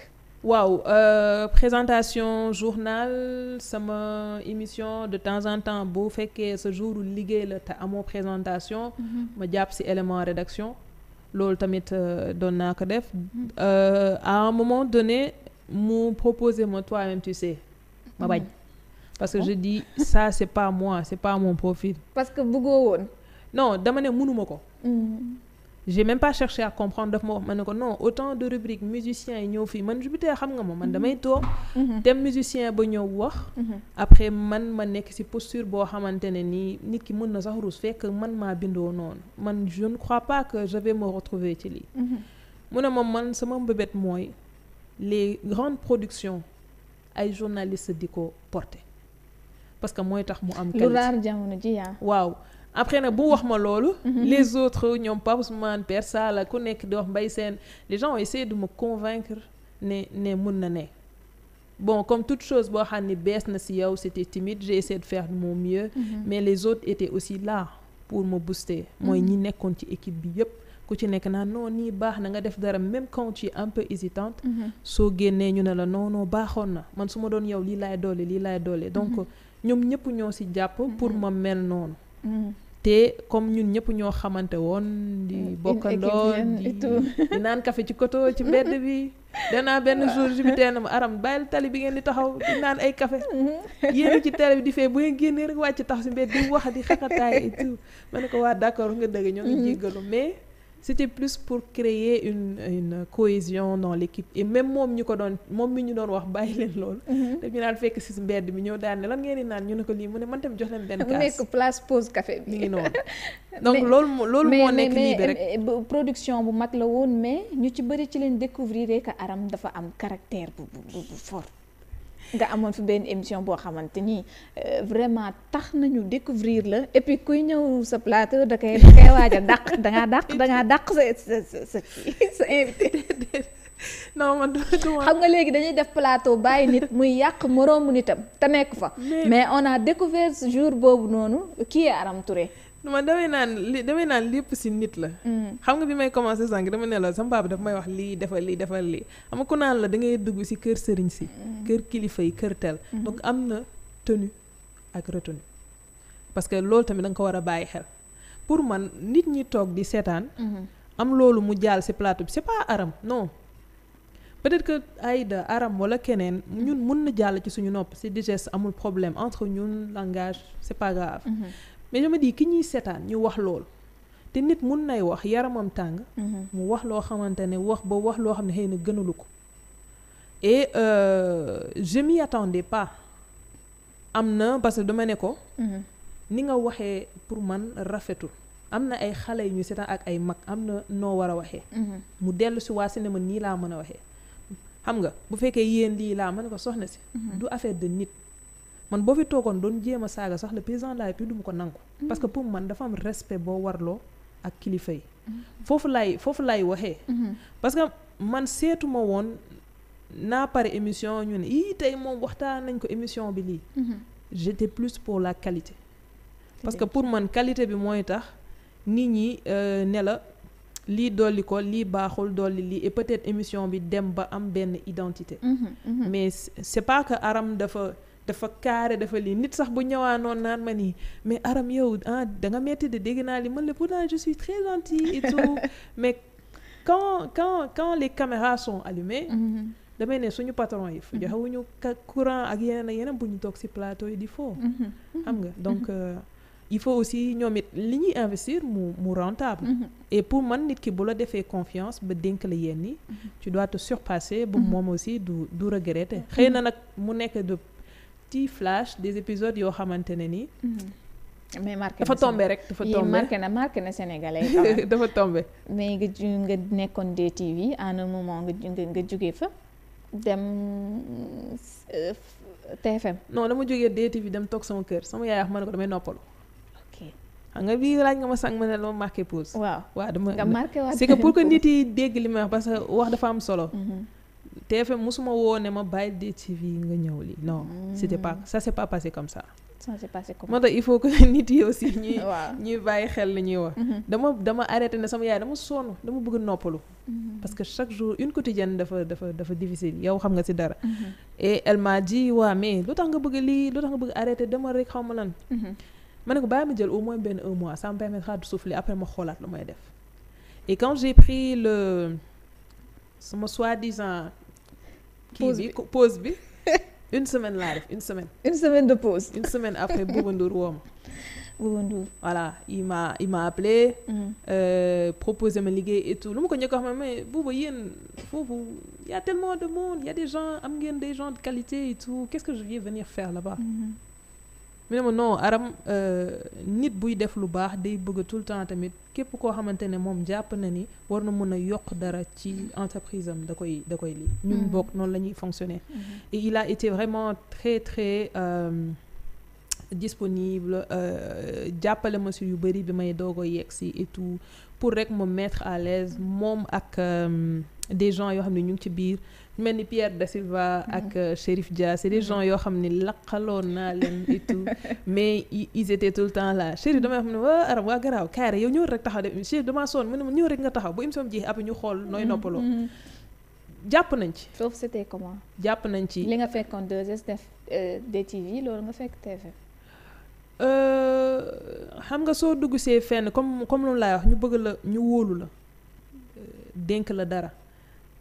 waaw euh, présentation journal sama émission de temps en temps boo fekkee sa jouru liggéey la te amoo présentation mhm. ma jàpp ci élément rédaction loolu tamit euh, doon naa ko def mhm. euh, à un moment donné mu proposer ma toi-même tu sais ma mhm. bañ parce que oh. di dis ça c'est pas moi c'est pas mon profil parce que buggoo woon non dama ne mënuma ko j'ai même pas cherché à comprendre daf ma wax ma ne ko non autant de rubriques musiciens yi ñëw fii man jubitee xam nga ma man damay mhm. toog mhm. dem musicien ba ñëw wax mhm. après man ma nekk ci posture boo xamante ne nii nit ki mën na sax ruus fekk man maa bindoo noonu man je ne crois pas que je vais retrouver ci lii mu ne ma man sama mbébét mooy les grandes productions ay journalistes di ko porter parce que mooy tax mu am qualité lu raar waaw après na bu wax ma loolu. Mhm. les autres ñoom Pape Ousmane Père Sala ku nekk di wax Mbaye Sène les gens ont essayé convaincre ne ne mën na ne. bon comme toute chose boo xam ne bees na si yow c'était timide j'ai essayé de faire de mhm. mais les autres étaient aussi là pour me booster. mooy mhm. ñi nekkoon ci équipe bi yëpp ku ci nekk naa non nii baax na nga def dara même quand ci es un peu hésitante. soo génnee ñu ne la non baaxoon na man su ma doon yow lii laay doole lii lay doole. donc ñoom ñépp ñoo si jàpp pour ma mel noonu. te comme ñun ñëpp ñoo xamante woon di euh, bokkandoo di naan kafe ci koto ci mbedd bi danaa benn jour ji na teen ma aram bàyyil tali bi ngeen di taxaw di naan ay café mhm. yéen ci télé bi di fee bu ngeen génnee rek wàcc tax si mbedd di wax di xaqataay et tout ma ne ko waa d'accord nga dëgg ñoo ngi mhm. jéggalu mais c'était plus pour créer une une cohésion dans l'équipe et même moom ñu ko doon moom mi ñu doon wax bàyyi leen loolu mhm. dañu naan fekk si mbedd mi ñëw daan ne lan ngeen di naan ñu ne ko lii mu ne man tam jox leen benn kaas nekk place pause café bi ngi noonu donc loolu loolu moo nekk lii bi rek production bu mag la woon mais ñu ci bëri ci leen découvrir que Aram dafa am caractère bu bu bu fort nga amoon fi benn émission boo xamante ni euh, vraiment tax nañu découvrir la et kuy ñëw sa plateau da koy da koy waaj dàq da ngaa dàq da ngaa dàq sa sa sa sa invité. non man xam nga léegi dañuy def plateau bàyyi nit muy yàq moroomu nitam te nekk fa. mais on a découvert jour boobu noonu kii Aram Touré. man damay naan li damay naan lépp si nit la. Mm. xam nga bi may commencé sànq dama ne la sama baaba daf may wax lii defal lii defal lii xam nga naan la da ngay dugg si kër sëriñ si. Mm. kër kilifa yi kër mm-hmm. am na tenue ak retenue parce que loolu tamit da ko war a bàyyi xel pour man nit ñi toog di seetaan. Mm-hmm. am loolu mu jaal si plateau bi c'est pas aram non. peut-être que Aïda Aram wala keneen mm-hmm. ñun mun na jàll ci suñu nopp si digeste amul problème entre ñun langage c'est grave mais je me ki ñuy seetaan ñu wax loolu te nit mun nay wax yaramam tàng. Mhm. mu wax loo xamante ne wax ba wax loo xam ne xëy na gënalu ko et euh, je m'y attendais pas am na parce que dama ne ko. Mhm. ni nga waxee pour man rafetul. am na ay xale yu ñu seetaan ak ay mag am na noo war a waxee. Mhm. mu dellu si waa cinéma nii laa mën a waxee. xam nga bu fekkee yéen lii laa mën a ko soxna si. du affaire de nit. man boo fi toogoon doon jéem saaga sax le président de la République du mu ko nangu. Mm. parce que pour man dafa am respect boo warloo ak kilifa yi. Mm. foofu laay foofu laay waxee. Mm-hmm. parce que man seetuma woon naa pare émission ñu ne ii tey moom waxtaan nañ ko émission bi lii. Mm-hmm. te plus pour la qualité. parce que pour man qualité bi mooy tax nit ñi euh, ne la lii dolli ko lii baaxul dolli lii et être émission bi dem ba am benn identité. Mm-hmm. mais c'est pas que Aram dafa. dafa carré dafa lii nit sax bu ñëwaanoon naan ma nii mais aram yow ah da nga metti de dégg naa li mën la pourtant je suis très gentille et tout mais quand quand quand les caméras sont mm-hmm. damay ne suñu patron yi mm-hmm. joxewuñu courant ak yeneen yeneen bu ñu toog ci plateau yi di foo mm-hmm. xam nga donc euh, il faut aussi ñoom it li ñuy investir mu mu rentable et pour man nit ki bu la defee confiance ba dénk la yenn yi tu dois te surpasser moom aussi du du regretter xëy na nag mu nekk de petits flashs des épisodes yoo xamante ne nii mm-hmm. mais marqué dafa tombe rek dafa tombé marqué na marqué na sénégalais. dafa tombé. mais nga ju nga nekkoon DTV à un moment nga ju nga jóge fa dem euh, TFM. non dama jógee DTV dem toog sama kër sama yaay wax ma ne ko damay noppalu. ok xam nga bii laaj nga ma sànq ma ne la ma marqué pause. waaw waaw dama nga marqué waat c'est que pour que nit yi dégg li may wax parce que wax dafa am solo. Mm-hmm. TFM musuma woo ne ma bàyyi DTV nga ñëw li non mm. c'était pas ça s'est pas passé comme ça moo tax il faut que nit yi aussi ñuy bàyyi xel li wax mm-hmm. dama dama arrêté ne sama yaay dama sonn dama bëgg noppalu mm-hmm. parce que chaque jour une quotidienne dafa dafa dafa difficile yow xam nga ci dara mm-hmm. et elle m'a dit waa mais lu tax nga bëgg lii lu tax bëgg arrêté dama rek xaw ma lan ma ne ko bàyyi ma jël au moins benn un mois ça me permettra de après ma xoolaat lu may def et quand j'ai pris kii bi pause bi une semaine laa def une semaine. une semaine de pause. une semaine après Bouba Ndour woo ma. Bouba voilà il m'a il m'a appelé. Mm. Euh, proposé ma liggéey et tout lu ma ko njëkk a xam mais Bouba yéen foofu y tellement de monde y a des gens am ngeen des gens de qualité et tout qu'est-ce que je viens venir faire là-bas. Mm-hmm. mu ne ma non aram euh, nit buy def lu baax day bëgg tout le temps tamit képp koo xamante ne moom jàpp na ni war na mën a yokk dara ci entreprise am da koy da koy lii. ñun mm-hmm. bokk noonu la ñuy fonctionner. Mm-hmm. et il a été vraiment très très euh, disponible euh, jàppale ma yu bëri bi may doog a yegg si et pour rek ma mettre à l'aise moom ak des gens yoo xam ne ñu ngi ci biir. mel ni Pierre Da Silva mhm. ak euh, Chérif Dia c'est des mhm. yoo xam ne laqaloon naa leen et mais ils étaient tout le temps la Chérif damay xam ne waa arab waa garaaw carré yow ñëw rek taxaw de Chérif damaa sonn mu ne ma ñëw rek nga taxaw bu émission bi jeex ñu xool nooy mhm. noppaloo jàpp nañ ci. foofu c'était comment. jàpp nañ ci li nga fekkoon 2S def euh, DTV loolu nga fekk TV. Euh, xam nga soo dugg see fenn comme comme loolu laay wax ñu bëgg la ñu wóolu la denk la dara.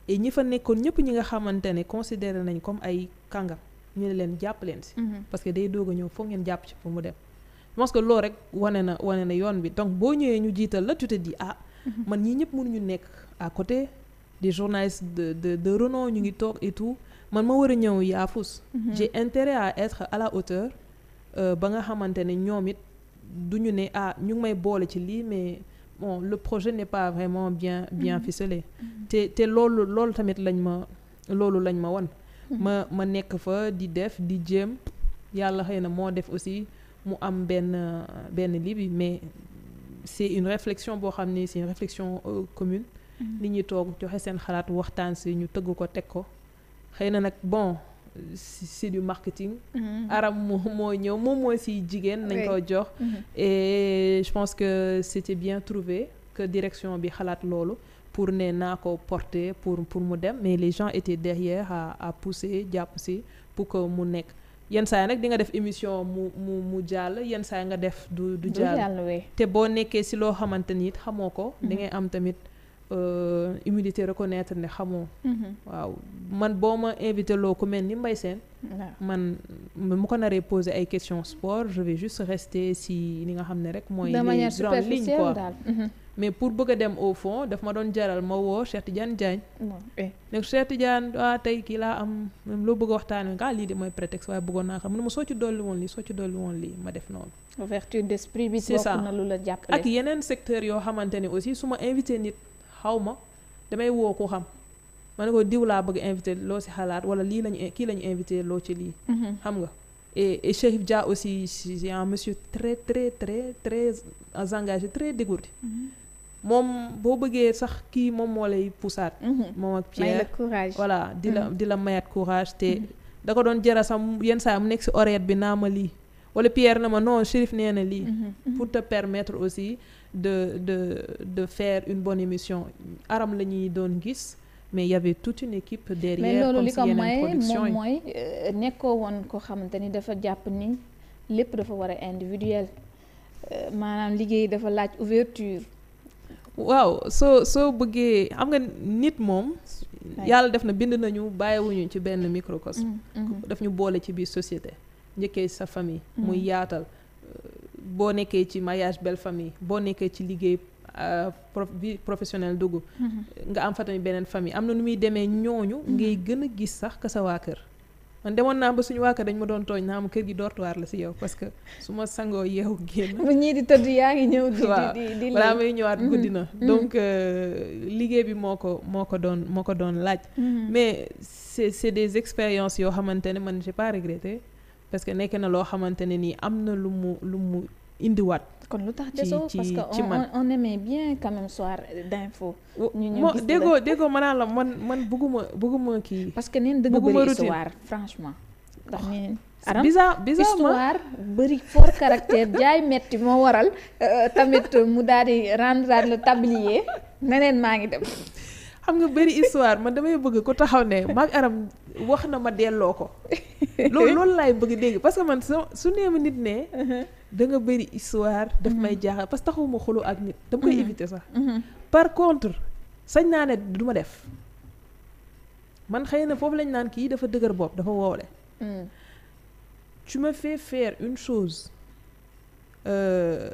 et ñi fa nekkoon ñëpp ñi nga xamante ne considéré nañ comme ay kàngam ñu ne leen jàpp leen si. Mhm. parce que day doog a ñëw foog ngeen jàpp ci pour mu dem. je pense que loolu rek wane na wane na yoon bi donc boo ñëwee ñu jiital la tu te dis ah. Mhm. man ñii ñëpp mënuñu nekk à côté di journalistes de de de ñu ngi toog et man ma war a ñëw yaafus. Mhm. j'ai intérêt à être à la hauteur euh, ba nga xamante ne ñoom it du ñu ne ah ñu may boole ci lii mais. bon le projet ne pas vraiment bien bien mm-hmm. ficelé mm-hmm. te te loolu loolu tamit lañ ma loolu lañ ma wan mm-hmm. ma ma nekk fa di def di jéem yàlla xëy na moo def aussi mu am benn benn libi mais c'est une réflexion boo xam ni c'est une réflexion euh, commune nit ñi toog joxe seen xalaat waxtaan si ñu tëgg ko teg ko xëy na nag bon c'est du marketing. Mm-hmm. aram moo moo ñëw moom mooy si jigéen. nañ koo jox. Mm-hmm. et je pense que c'était bien trouver que direction bi xalaat loolu pour ne naa ko porter pour pour mu dem mais les gens étaient derrière à à pousser jàpp si pour que mu nekk. yenn saa yi di nga def émission mu mu mu jàll yenn saa nga def du du jàll te boo nekkee si loo xamante ni it xamoo ko. di mm-hmm. ngay am tamit. Euh, humilité reconnaître ne xamoo mhm. waaw man boo ma invité loo ku mel ni Mbaye Sène man mu ko naree poser ay question sport je vais juste rester si ni nga xam ne rek mooy de manière superficielle quoi mhm. mais pour bëgg a dem daf ma doon jaral ma woo Cheikh Tidiane Diagne eh. ne Cheikh Tidiane waa ah, tey ki laa am loo bëgg a waxtaan nga ah, lii de mooy prétexte waaye bëggoon naa xam mu ma soo ci dolli woon lii soo ci dolli woon lii ma def noonu ouverture d'esprit bi bokk na lu la jàppale ak yeneen secteur yoo xamante ne aussi su ma invité nit xaw ma damay woo ku xam ma ne ko diw laa bëgg invité loo si xalaat wala lii lañu kii lañu invité loo ci lii mm-hmm. xam nga et Chérif Dia aussi c'est un monsieur très très très très engagé très dégourdi mm-hmm. moom boo bëggee sax kii moom moo lay poussaat mm-hmm. moom ak Pierre voilà di la di la mayaat courage te da ko doon jëra sax yenn saa mu nekk si oreille bi naa ma lii wala Pierre na ma non Chérif nee lii pour te permettre aussi de de de faire une bonne émission aram la ñuy doon gis mais y tout toute une équipe derrière comme si moom mooy euh, nekkoo woon ko xamante ni dafa jàpp ni lépp dafa war a individuel euh, maanaam liggéey dafa laaj ouverture waaw soo soo bëggee xam nga nit moom yàlla def na bind nañu bàyyiwuñu ci benn microcosme mm, mm-hmm. daf ñu boole ci biir société njëkkee sa famille muy mm. yaatal boo nekkee ci mariage belle famille boo nekkee ci liggéey euh, pro bi professionnel dugg. Mm-hmm. nga am fa tamit beneen famille am na nu muy demee ñooñu. Mm-hmm. ngay gën a gis sax ka sa waa kër. man demoon naa ba suñu waa kër dañ ma doon tooñ naa ma kër gi dortoir la si yow parce que su ma sangoo yeewu génn. bu ñii di tëdd yaa ngi ñëw. di di di balaa may ñëwaat mm-hmm. guddi na. donc euh, liggéey bi moo ko moo ko doon moo ko doon laaj. mais c'est c'est des expériences yoo xamante ne man j'ai pas regretté. parce que nekk na loo xamante ne nii am na lu mu lu mu indiwaat. kon lu tax desoo parce que on on aimait bien quand même d'info. ñu déggoo déggoo ma la man man bëgguma bëgguma kii. parce que neen dëgg bëri histoire franchement. ndax oh, neen aram bizarre bizarre bëri fort caractère jaay metti moo waral euh, tamit mu daal di rendre le tablier neneen maa ngi dem. xam nga bëri histoire man damay bëgg ko taxaw ne maag aram. wax na ma delloo ko loolu loolu laay bëgg dégg parce que man su nee ma nit ne uh-huh. da nga bëri histoire daf uh-huh. may jaaxal parce que taxuma xuloo ak nit dama koy uh-huh. éviter sax par contre sañ naa ne duma def man xëy na foofu lañ naan kii dafa dëgër bopp dafa woole mm. tu ma fais faire une chose euh,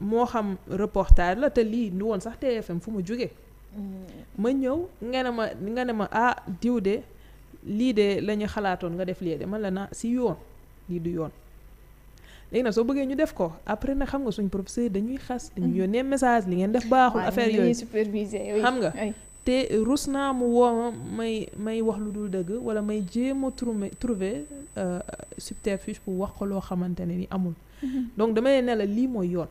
moo xam reportage la te lii nu woon sax TFM fu ma jógee mm. ma ñëw nga ne ma nga ne ma ah diw de lii de la xalaatoon nga def lii de man la na si yoon lii du yoon léegi nag soo bëggee ñu def ko après nag xam suñ professeur dañuy xas dañuy mm-hmm. yónnee message li ngeen def baaxul affaire yooyu xam nga te rus naa mu woo may may wax lu dul dëgg wala may jéem a trouver euh, subterfuge wax ko loo xamante ne ni amul mm-hmm. donc damay ne lii mooy yoon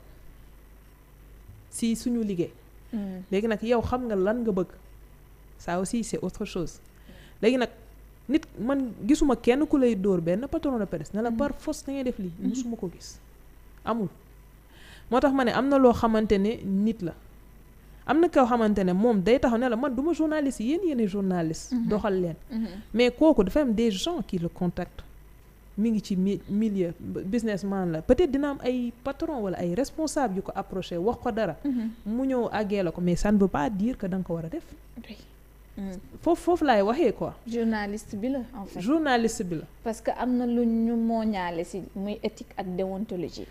si suñu liggéey mm. léegi nag yow xam nga lan nga bëgg saa aussi c'est autre chose léegi nag nit man gisuma kenn ku lay dóor benn patron la presse ne la mhm. par force da ngay def lii mhm. musuma ko gis amul moo tax ma ne am na loo xamante ne nit la am na koo xamante ne moom day taxaw ne la man duma ma journaliste yéen yéen journaliste mhm. doxal leen mais kooku dafa am des gens qui le mu ngi ci millier businessman la peut-être dina am ay patron wala ay responsable yu ko approché wax ko dara mu ñëw àggee la ko mais san ne veut pas dire que da nga ko war a def Mm. foofu foofu laay waxee quoi. journaliste bi la en bi la. parce que am na lu ñu moo ñaale si muy éthique ak déontologie.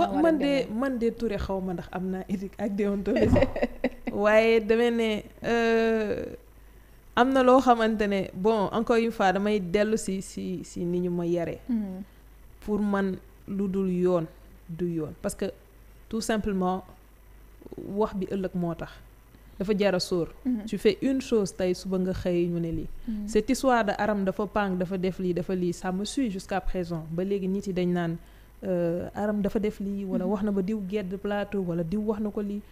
wa man de man de ndax am naa éthique ak déontologie waaye damay ne euh, am na loo xamante ne bon encore une fois damay dellu si si si ni ñu ma yaree. Mm. pour man lu dul yoon du yoon parce que tout simplement wax bi ëllëg moo tax. dafa jar a sóor mhm. tu une chose tey suba nga xëy ñu ne lii mhm. cette histoire de Aram dafa pang dafa def lii dafa lii ça me suit jusqu'à présent ba léegi nit yi dañ naan euh, Aram dafa def lii wala mhm. wax na ba diw gedd plateau wala diw wax na ko lii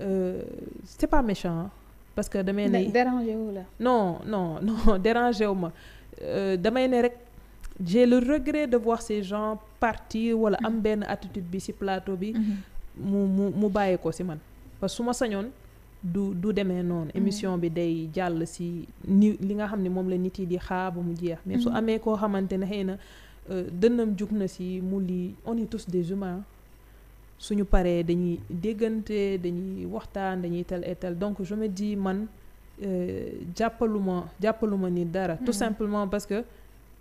euh, c'est pas méchant parce que damay ne dérangé wu la non non non wu ma euh, damay ne rek j'ai le regret de voir ces gens partir wala am benn attitude bi ci plateau bi mu mu mu bàyyi ko ci man parce que su ma sañoon du du demee noonu mm. émission bi day jàll si ni li nga xam ne moom la nit yi di xaar ba mu jeex mais su mm. amee koo xamante ne xëy na euh, dënnam jug na si mu lii on des humains suñu paree dañuy déggante dañuy waxtaan dañuy tel et tel donc je me dis man euh, jàppaluma jàppaluma ni dara tout mm. simplement parce que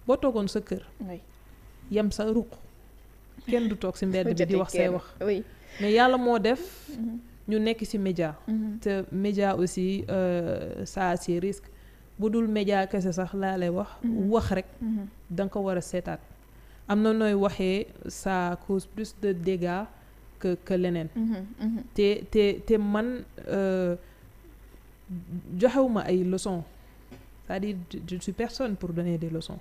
boo toogoon sa kër yam sa ruq kenn du toog si mbedd bi di wax say wax mais yàlla moo def mm-hmm. ñu nekk ci média mhm. te média aussi euh, ça a ses risques bu dul média kese sax laa lay wax mhm. wax rek mhm. da ko war a seetaat am na nooy waxee ça cause plus de dégâts que que leneen te te te man euh, joxewuma ay leçons c'est-à-dire je personne pour donner des leçons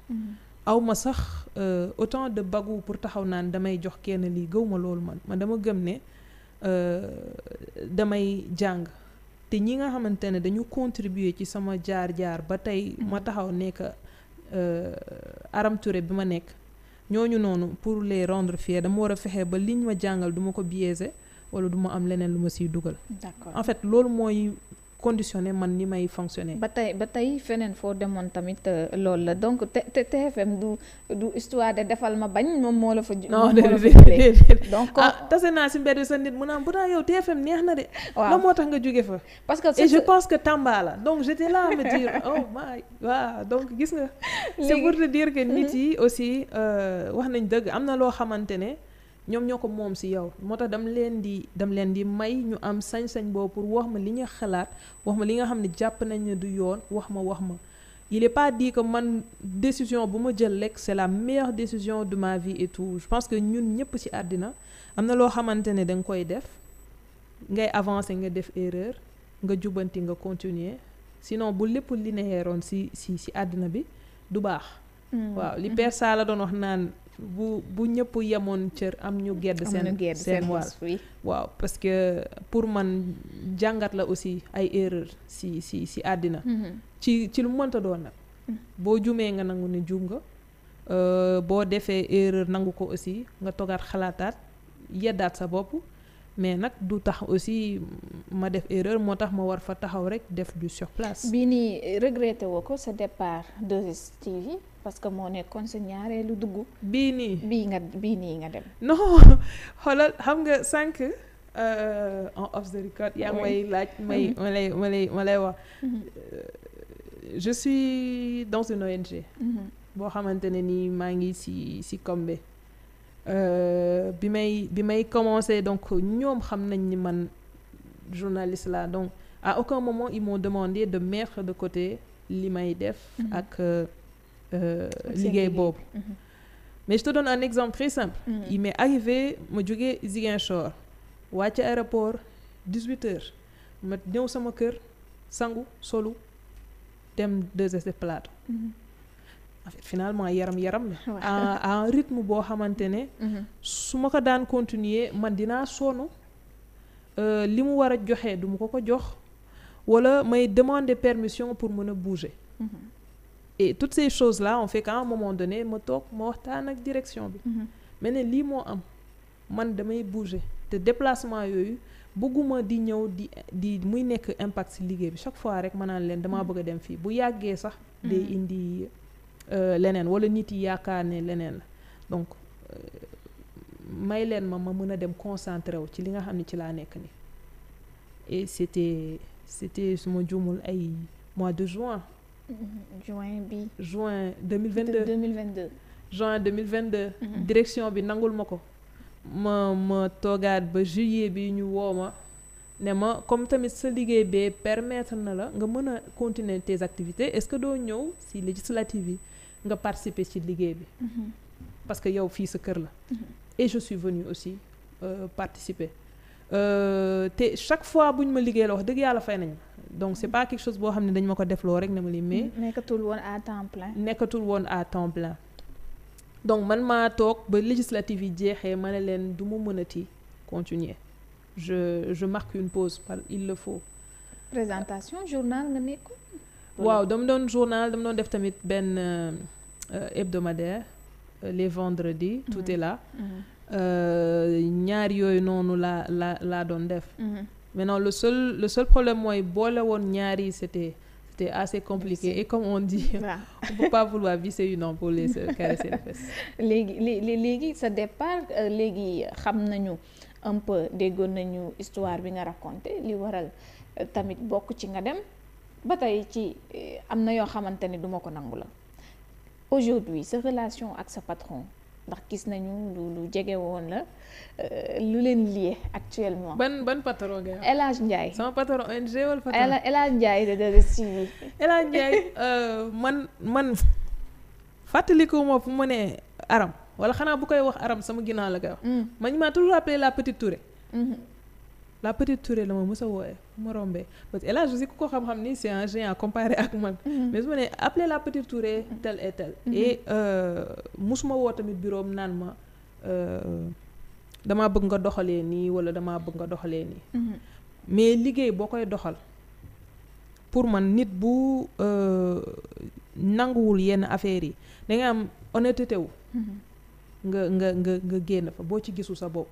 aw ma sax euh, autant de bagou pour taxaw naan damay jox kenn lii gëw ma loolu man man dama gëm ne Euh, damay jàng te ñi nga xamante ne dañu contribuer ci sama jaar-jaar ba tey ma mm-hmm. taxaw nekk euh, Aram Touré bi ma nekk ñooñu noonu pour les rendre fiers dama war a fexe ba liñ ma jàngal duma ko biaisé wala du ma am leneen lu ma siy dugal. en fait loolu mooy conditionné man ni may fonctionner. ba tey ba tey feneen foo demoon tamit euh, loolu la donc te TFM du du histoire de defal ma bañ moom moo la fa. non déedéet donc ah tase naa si mbedd sa nit mu naa bu daa yow TFM neex na de. waaw la moo tax nga jóge fa. parce que je pense que Tamba la donc j'étais là à me oh my waaw donc gis nga. c'est pour te dire que nit mm-hmm. yi aussi euh, wax nañ dëgg am na loo xamante ne. ñoom ñoo ko moom si yow moo tax dam leen di dam leen di may ñu am sañ-sañ boobu pour wax ma li ñu xalaat wax ma li nga xam ne jàpp nañ ne du yoon wax ma wax ma il est pas dit ko man décision bu ma jël lekk c'est la meilleure décision de ma vie et tout je pense que ñun ñëpp ci àddina am na loo xamante ne da nga koy def ngay avancer nga def erreur nga jubanti nga continuer sinon bu lépp linéaire oon si si si àddina bi du baax hmm. waaw li hmm. Père doon wax naan bu bu ñëpp yemoon cër am ñu gedd seen seen wàll waaw parce que pour man jàngat la aussi ay erreur si si si àddina mhm. ci ci lu mënta doon nag mhm. boo jumee nga nangu ne juum nga euh, boo defee erreur nangu ko aussi nga togaat xalaataat yeddaat sa bopp mais nag du tax aussi ma def erreur moo tax ma war fa taxaw rek def du sur place bii nii regretté woo ko sa départ de 2 parce que moo nekkoon sa ñaareelu dugg. bii nii bii nga bii nii nga dem. non xam nga sànq euh, en off the record. yaa may laaj may mm-hmm. ma lay ma lay wax. Mm-hmm. Euh, je suis dans une ONG. Mm-hmm. boo xamante ne nii maa ngi si si Kombe. Euh, bi may bi may commencé donc ñoom xam nañ ni man journaliste la donc à aucun moment ils m'ont demandé de mettre de côté li may def. ak. Euh, liggéey boobu mhm. mais je te donne un exemple très simple mhm. il m'est arrivé ma jógee Ziguinchor wàcc aéroport dix-huit heures ma ñëw sama kër sangu solu dem 2STV plateau mhm. en finalement yaram-yaram la à un rythme boo xamante ne su ma ko daan continuer man dinaa sonn euh, li mu war a joxe du mu ko ko jox wala may demander permission pour mën a bouger et toutes ces choses là ont fait qu'à un moment donné ma toog ma waxtaan ak direction bi. Mhm. mais ne lii moo am man damay bouger te déplacement yooyu bëgguma di ñëw di di muy nekk impact ci liggéey bi chaque fois rek manaan leen damaa mhm. bëgg a dem fii bu yàggee sax. Mhm. day indi euh, leneen walla nit yi yaakaar ne leneen la donc euh, may leen ma ma mën a dem concentré wu ci li nga xam ne ci laa nekk nii et c'était c'était su ma juumul ay mois de juin. juin bi juin 2022 2022 juin 2022 mhm. direction bi nangul ma ko ma ma toogaat ba juillet bi ñu woo ma ne ma comme tamit sa liggéey bee permettre na la nga mën a continuer tes activités est-ce que doo ñëw si législative yi nga participer ci liggéey bi mhm. parce que yow fii sa kër la mhm. et je suis venue aussi euh, participer Euh, te chaque fois bu ñu ma liggéey la wax dëgg yàlla fay nañ donc c' est pas quelque chose boo xam ne dañ ma ko def loo rek na ma li mais. nekkatul woon à temps nekkatul woon à donc man maa toog ba législative yi jeexee ma ne leen du ma mënati continuer je je marque une pause par il le faut. présentation journal nga nekkoon. waaw dama doon journal dama doon def tamit benn euh, hebdomadaire euh, les vendredis. tout mhm. est Euh, ñaar yooyu noonu laa la laa doon def mm-hmm. maintenant le seul le seul problème mooy boole woon ñaari yi c'était c'était assez compliqué et comme on dit on peut pas vouloir visser une ampoule et se caresser les fesses léegi léegi sa départ euh, léegi xam nañu un peu déggoon nañu histoire bi nga raconté li waral euh, tamit bokk ci nga dem ba tey ci am na yoo xamante ne duma ko nangu la aujourd'hui sa relation ak sa patron ndax gis nañu lu lu jege woon la euh, lu leen lié actuellement. ban ban patron nga El Hadj Ndiaye. sama patron ONG wala patron. El Hadj Ndiaye de de suivi. El Hadj euh, man man fàttaliku ma fu mu ne aram wala xanaa bu koy wax aram sama ginnaaw la koy wax. Mm. man maa toujours appelé la petite Touré. Mm-hmm. la petite Touré la ma mës a wooye ma rombee parce que El Hadj Ousseh ku ko xam-xam ni c'est un géant comparé ak man. Mhm. mais su ma nee appelez la petite Touré tel et tel. Mhm. et euh, musuma woo tamit bureau am naan ma euh, dama bëgg nga doxalee nii wala damaa bëgg nga doxalee nii. Mhm. mais liggéey boo koy doxal pour man nit bu euh, nanguwul yenn affaires yi da nga am honnêteté wu. nga nga nga nga génn fa boo ci gisul sa bopp.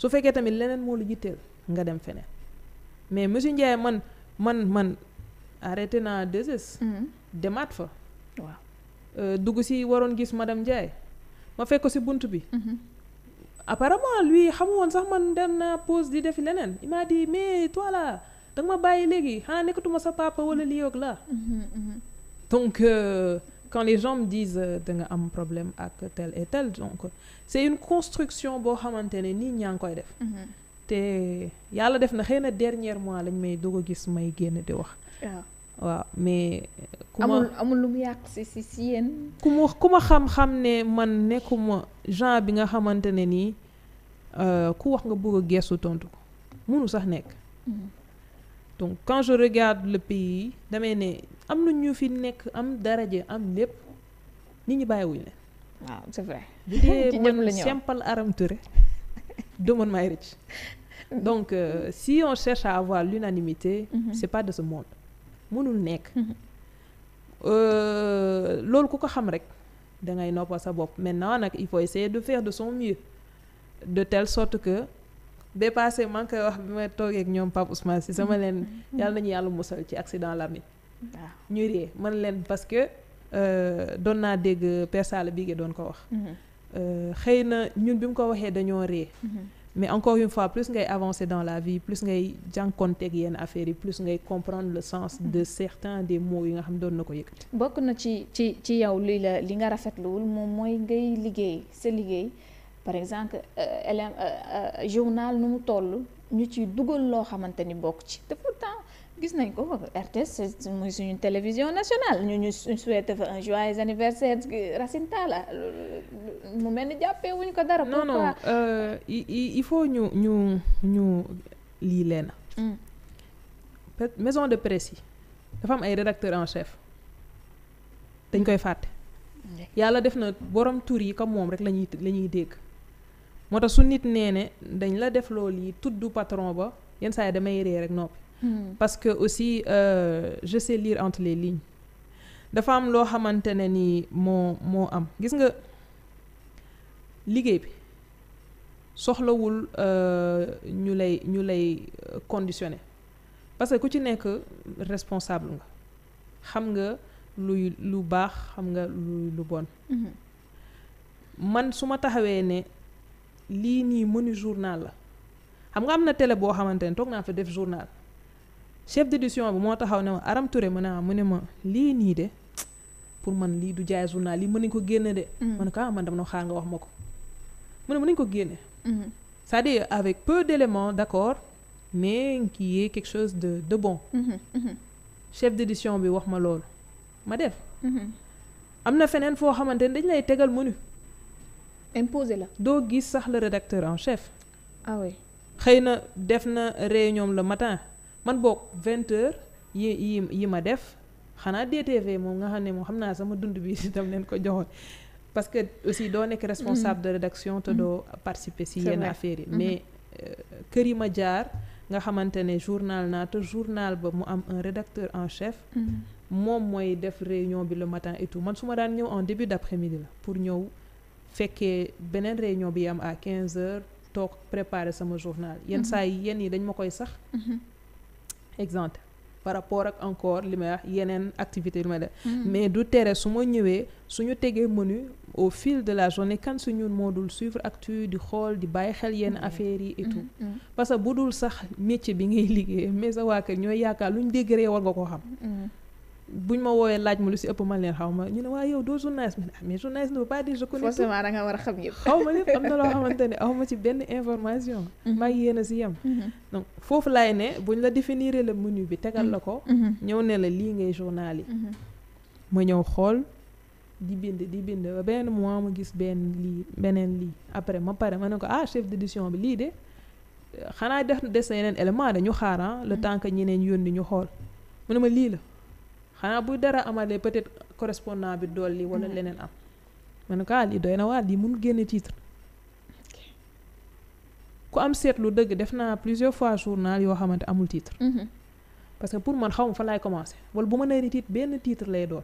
su fekkee tamit leneen moo la jitteel nga dem feneen mais monsieur Ndiaye man man man arrêté naa deses mhm. demaat fa waaw euh, dugg si waroon gis ma dem Ndiaye ma fekk ko si bunt bi mhm. apparemment lui xamu woon sax man dem naa pause di def leneen maa m'a dit mais toi danga ma bàyyi léegi xanaa nekkatuma sa papa wala li ak la mhm, quand les gens me disent euh, nga am problème ak tel et donc c'est une construction boo xamante ne nii ñaa ngi koy def mhm. te yàlla def na xëy na dernier mois lañ mais doog ko gis may génn di wax waaw mais euh, ku amul lu mu yàq si si si yéen ku ma ku ma xam-xam ne man nekkuma genre bi nga xamante ne nii euh, ku wax nga bëgg a tontu ko mënul sax nekk mhm. donc quand je regarde le pays damay ne am na ñu fi nekk am daraja am lépp nit ñi bàyyiwuñu la waaw c'est vrai. bu dee man simple Aram Touré demoon maay rëcc donc euh, si on cherche avoir l'unanimité mhm. c'est pas de ce monde mënul nekk mhm. euh, loolu ku ko xam rek dangay ngay noppal sa bopp mais maintenant nag il faut essayer de faire de son mieux de telle sorte que dépassé maa ngi koy wax bi ma toogeek ñoom Pape Ousmane si sama leen mhm. yàlla nañu yàlla musal ci accident lamine waaw ñu ree man leen parce que euh, doon naa dégg Père bii Bigué doon ko wax mhm. euh, xëy na ñun bi mu ko waxee dañoo ree mhm. mais encore une fois plus ngay avancer dans la vie plus ngay jànkonteeg yenn affaires yi plus ngay comprendre le sens de certains des mots yi nga xam doon na ko yëkkati bokk na ci ci ci yow li la li nga rafetluwul moom mooy ngay liggéey sa liggéey par exemple euh, élève euh, euh, journal nu mu toll ñu ci dugal loo xamante ni bokk ci te pourtant gis nañ ko RTS muy suñu télévision nationale ñu ñu souhaité fa un joyeux anniversaire Racine Talla mu mel ni jàppee wuñ ko dara. non non il faut ñu ñu ñu lii leen. Mm. maison de presse yi dafa am ay rédacteur en chef dañ koy fàtte. Mm. yàlla def na borom tur yi comme moom rek lañuy la ñuy dégg. moo tax su nit nee ne dañ la def loolu yi tudd patron ba yenn saa yi damay ree rek noppi. Hmm. parce que aussi euh, je sais lire entre les lignes dafa am loo xamante ne ni moo moo am gis nga liggéey bi soxlawul euh, ñu lay ñu lay euh, conditionné parce que ku ci nekk responsable nga xam nga luy lu baax xam nga luy lu bon. Hmm. man su ma taxawee ne. lii nii mënu journal la xam nga am na télé boo xamante ne toog naa fa def journal chef d'édition bi moo taxaw ne ma Aram Touré mu ne ah, ma lii nii de pour man lii du jaay journal lii mën nañ ko génne de. Mm-hmm. ma ne ko ah man dama xaar nga wax ma ko mu ne mën nañu ko génne. Mm-hmm. c'est-à-dire avec peu d'éléments d'accord mais qui est quelque chose de de bon. Mm-hmm. chef d'édition bi wax ma loolu ma def. am na feneen foo xamante ne dañ lay tegal menu. imposé la. doo gis sax le rédacteur en chef. ah xëy na def na réunion la matin man boo vingt heures yi yi yi ma def xanaa DTV moom nga xam ne moom xam naa sama dund bi itam leen ko joxoon parce que aussi doo nekk responsable mm-hmm. de rédaction te doo mm-hmm. participer si yenn affaires yi mm-hmm. mais euh, kër yi ma jaar nga xamante ne journal naa te journal ba mu am un rédacteur en chef moom mooy def réunion bi le matin et tout man su ma daan ñëw en début d'après-midi la pour ñëw fekkee beneen réunion bi am à quinze heures toog préparer sama journal. yenn mhm. saa yi yenn yi dañ ma koy sax. Mhm. exemple par rapport ak encore li may wax yeneen activité li may def. Mhm. mais du tere su ma ñëwee su ñu tegee menu au fil de la journée kan su ñun moo dul suivre actu di xool di bàyyi xel yenn affaires yi et tout. parce que bu dul sax métier bi ngay liggéey mais a waa kër ñooy yaakaar lu ñu dégg rek war nga ko xam. bu ñu ma woowee laaj ma lu si ëpp man leen xaw ma ñu ne waa yow doo journaliste ma ne ah mais journaliste ne veut pas dire je connais forcément da war a xam yëpp xaw ma lépp am na loo xamante aw ma ci benn information mhm. maa yéen a si yem mhm. donc foofu laay ne buñ la définir le menu bi tegal la ko mhm. ñëw ne la lii ngay journal yi ma ñëw xool di bind di bind beneen benn mois ma gis benn lii beneen lii après ma pare ma ne ko ah chef d'édition bi lii de xanaa def des na yeneen élément dañu xaar ah, le temps que ñeneen yoon yónni ñu xool mu ne ma lii la xanaa buy dara amalee peut-être correspondant bi dool li wala mm-hmm. leneen am ma ne ko ah lii doy na waa di mun génne titre ku am seetlu dëgg def naa plusieurs fois journal yoo xamante amul titre mm-hmm. parce que pour man xaw ma fa laay commencer wala bu ma nee ni benn tiitre lay dool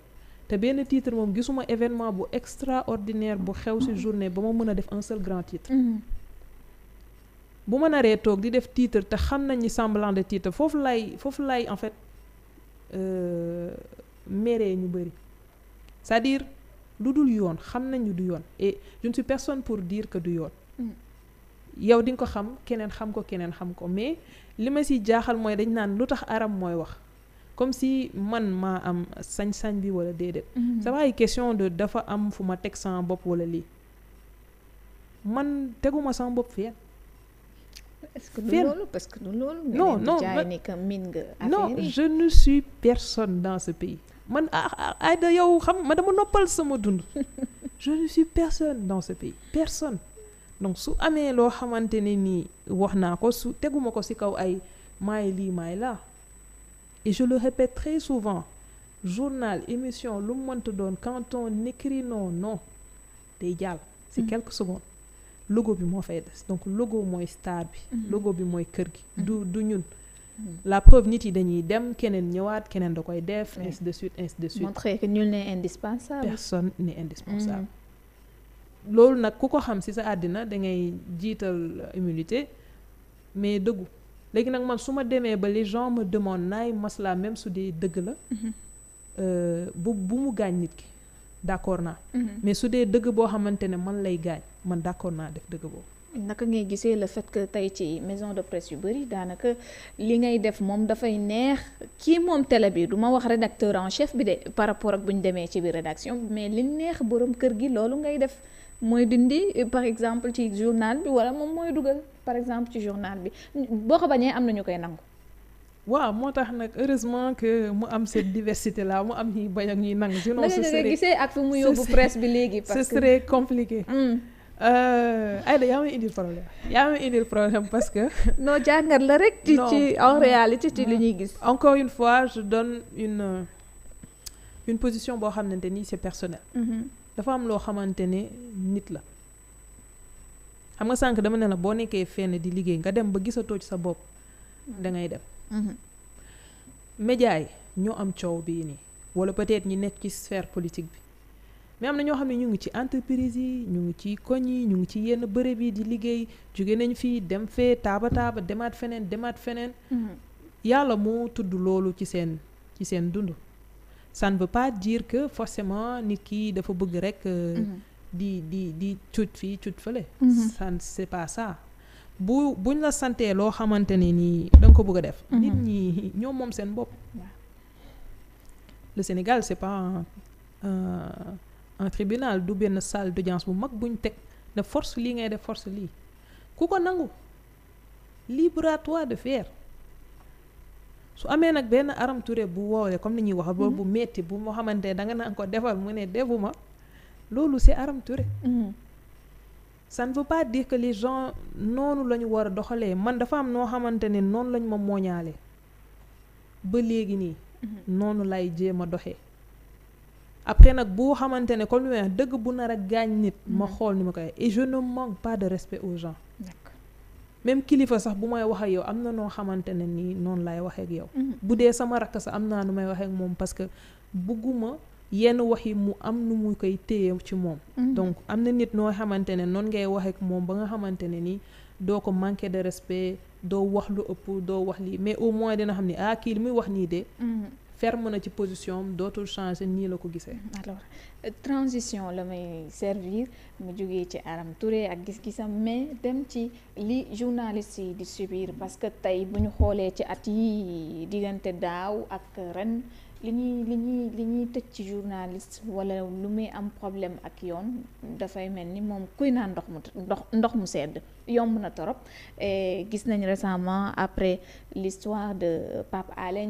te benn titre moom gisuma événement bu extraordinaire bu xew ci mm-hmm. journée ba ma mën a def un seul grand titre bu ma naree toog di def titre te xam nañ ni semblant de titre foofu lay en fait Euh, meree ñu bëri cest à lu dul yoon xam nañu du yoon et je ne personne pour diir que du yoon mm. yow di ko xam keneen xam ko keneen xam ko mais li ma si jaaxal mooy dañ naan lu tax aram mooy wax comme si man maa am sañ-sañ bi wala déedéet mm-hmm. ça va question de dafa am fu ma teg sama bopp wala lii man teguma sama bopp fii est-ce que du loolu parce que du loolu. non non ni que min nga. non je ne suis personne dans ce pays. man ah, ah, ah, Aïda yow xam ma dama noppal sama dund. je ne suis personne dans ce pays personne. donc su amee loo xamante ne nii wax naa ko su teguma ko ci kaw ay maay lii maay laa et je le répète très souvent journal émission lu mu mënta doon quand on écrit non non day jàll. ci mm. quelques secondes. logo bi moo fay des donc logo mooy star bi mhm. logo bi mooy kër gi mhm. du du ñun mhm. la preuve nit yi dañuy dem keneen ñëwaat keneen da koy def ainsi de suite ainsi de suite montrer que nul n'est indispensable personne n'est loolu nag ku ko xam ci sa àddina da ngay jiital immunité mais dëggu léegi nag man su ma demee ba les gens me demandent naay maslaa même su dee dëgg la euh, bu bu mu gaañ nit ki d'accord naa. Mhm. mais su dee dëgg boo xamante ne man lay gaañ man d'accord naa def dëgg boobu. naka ngay gisee le fait que tey ci maison de presse yu bëri daanaka li ngay def moom dafay neex kii moom télé bi du ma wax rédacteur en chef bi de par rapport ak bu ñu demee ci biir rédaction mais li neex borom kër gi loolu ngay def mooy dindi par exemple ci journal bi wala moom mooy dugal par exemple ci journal bi boo ko bañee am na ñu koy nangu. waaw moo tax nag heureusement que mu am cette diversité là mu am ñuy bañ ak ñuy nangu. sinon ce ak fi mu yóbbu presse bi léegi. parce que ce serait compliqué. Hmm. Euh, Aïda yaa may indil problème yaa may indil problème parce que. non jàngat la rek. ci en réalité ci li ñuy gis. encore une fois je donne une position boo xamante ni c'est personnel. Mm-hmm. dafa am loo xamante ne nit la. xam nga sànq dama ne la boo nekkee fenn di liggéey nga dem ba gisatoo ci sa bopp mm. da ngay dem. médias mm-hmm. yi ñoo am coow bii nii wala peut-être ñi nekk ci sphère politique bi mais am na ñoo xam ne ñu ngi ci entreprise yi ñu ngi ci koñ yi ñu ngi ci yenn bërëb yi di liggéey jóge nañu fii dem fee taaba taaba demaat feneen demaat feneen. Mm-hmm. yàlla moo tudd loolu ci seen ci seen dund. ça ne veut pas dire que nit ki dafa bëgg rekk. Euh, mm-hmm. di di di cut fii cut fële. ça c'est bu buñ la santee loo xamante ne nii da ko bëgg a def. Mhm. nit ñi ñoom moom seen bopp. le Sénégal c'est pas un, un, un tribunal du benn salle d'audience bu mag buñ teg ne force lii ngay def force lii ku ko nangu libre à de faire. su amee nag benn Aram Touré bu woowee comme ni ñuy wax loolu bu mhm. metti bu moo xamante ne danga naan ko defal mu ne ma loolu c'est Aram Touré. Mhm. ça ne veut pas dire que les gens noonu la ñu war a doxalee man dafa am noo xamante ne noonu la ma mooñaale ba léegi nii mhm. noonu lay jéem a doxee après nag boo xamante ne comme li dëgg bu nar ak gaañ nit ma mhm. xool ni ma koy et je ne manque pas de même kilifa sax bu may wax ak yow am na noo xamante ne nii noonu lay waxee ak yow mhm. bu dee sama rakk sax am naa nu may waxee moom parce que bugguma yenn wax yi mu am nu mu koy téye ci moom mhm. donc am na nit noo xamante ne noonu ngay waxeek moom ba nga xamante ne ni doo ko manquer de respect doo wax lu ëpp doo wax lii mais au moins dina xam ni ah kii li muy wax nii de mhm. ferme na ci position dootul changer nii la ko gisee mhm. alors euh, transition la may servir mu jógee ci Aram Touré ak gis-gisam mais dem ci li journaliste yi di subir parce que tey bu ñu xoolee ci at yi diggante daaw ak ren li ñuy li ñuy li ñuy tëj ci journaliste wala lu muy am problème ak yoon dafay mel ni moom kuy naan ndox mu ndox ndox mu sedd yomb na torop gis nañ récemment après l'histoire de Pape Alé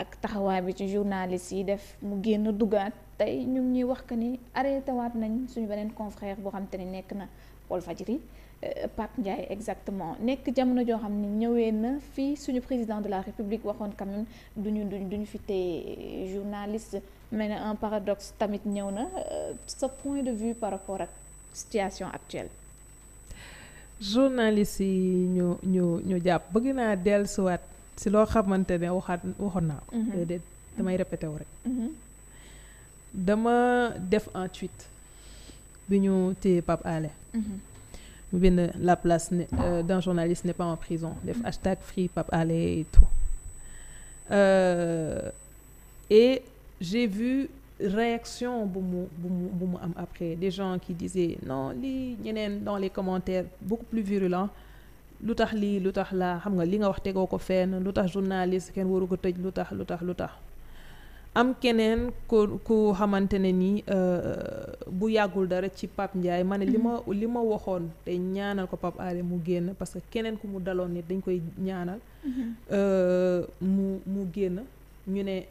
ak taxawaay bi ci journaliste yi def mu génn dugaat tey ñu ngi ñuy wax que ni arrêté waat nañ suñu beneen confrère boo xam te ni nekk na Walfadjri Euh, Pape Ndiaye exactement nekk jamono joo xam ne ñëwee na fii suñu président de la République waxoon quand même duñu duñu fi tee journaliste mais na un paradox tamit ñëw na euh, sa point de vue par rapport ak situation actuelle journaliste yi ñu ñu ñu jàpp bëgg naa dellusiwaat si loo xamante ne waxaat waxoon naa ko mhm. damay mhm. répété wu rek mhm. dama def un tweet bi ñu téye Pape Alé mu bind la place euh, d'un journaliste n'est pas en prison def hashtag free Pape Alé et tout euh, et j'ai vu réaction bu mu bu mu mu am après des gens qui disaient non li ñeneen dans les commentaires beaucoup plus virulents lu tax lii lu tax laa xam nga li nga wax tegoo ko fenn lu tax journaliste kenn waru ko tëj lu tax lu tax lu tax am keneen ku ku xamante ne euh, bu yàggul dara ci Pape Ndiaye ma ne li ma mm-hmm. li ma waxoon te ñaanal ko Pape Alé mu génn parce que keneen ku mu daloon nit dañ koy ñaanal mm-hmm. euh, mu mu génn ñu ne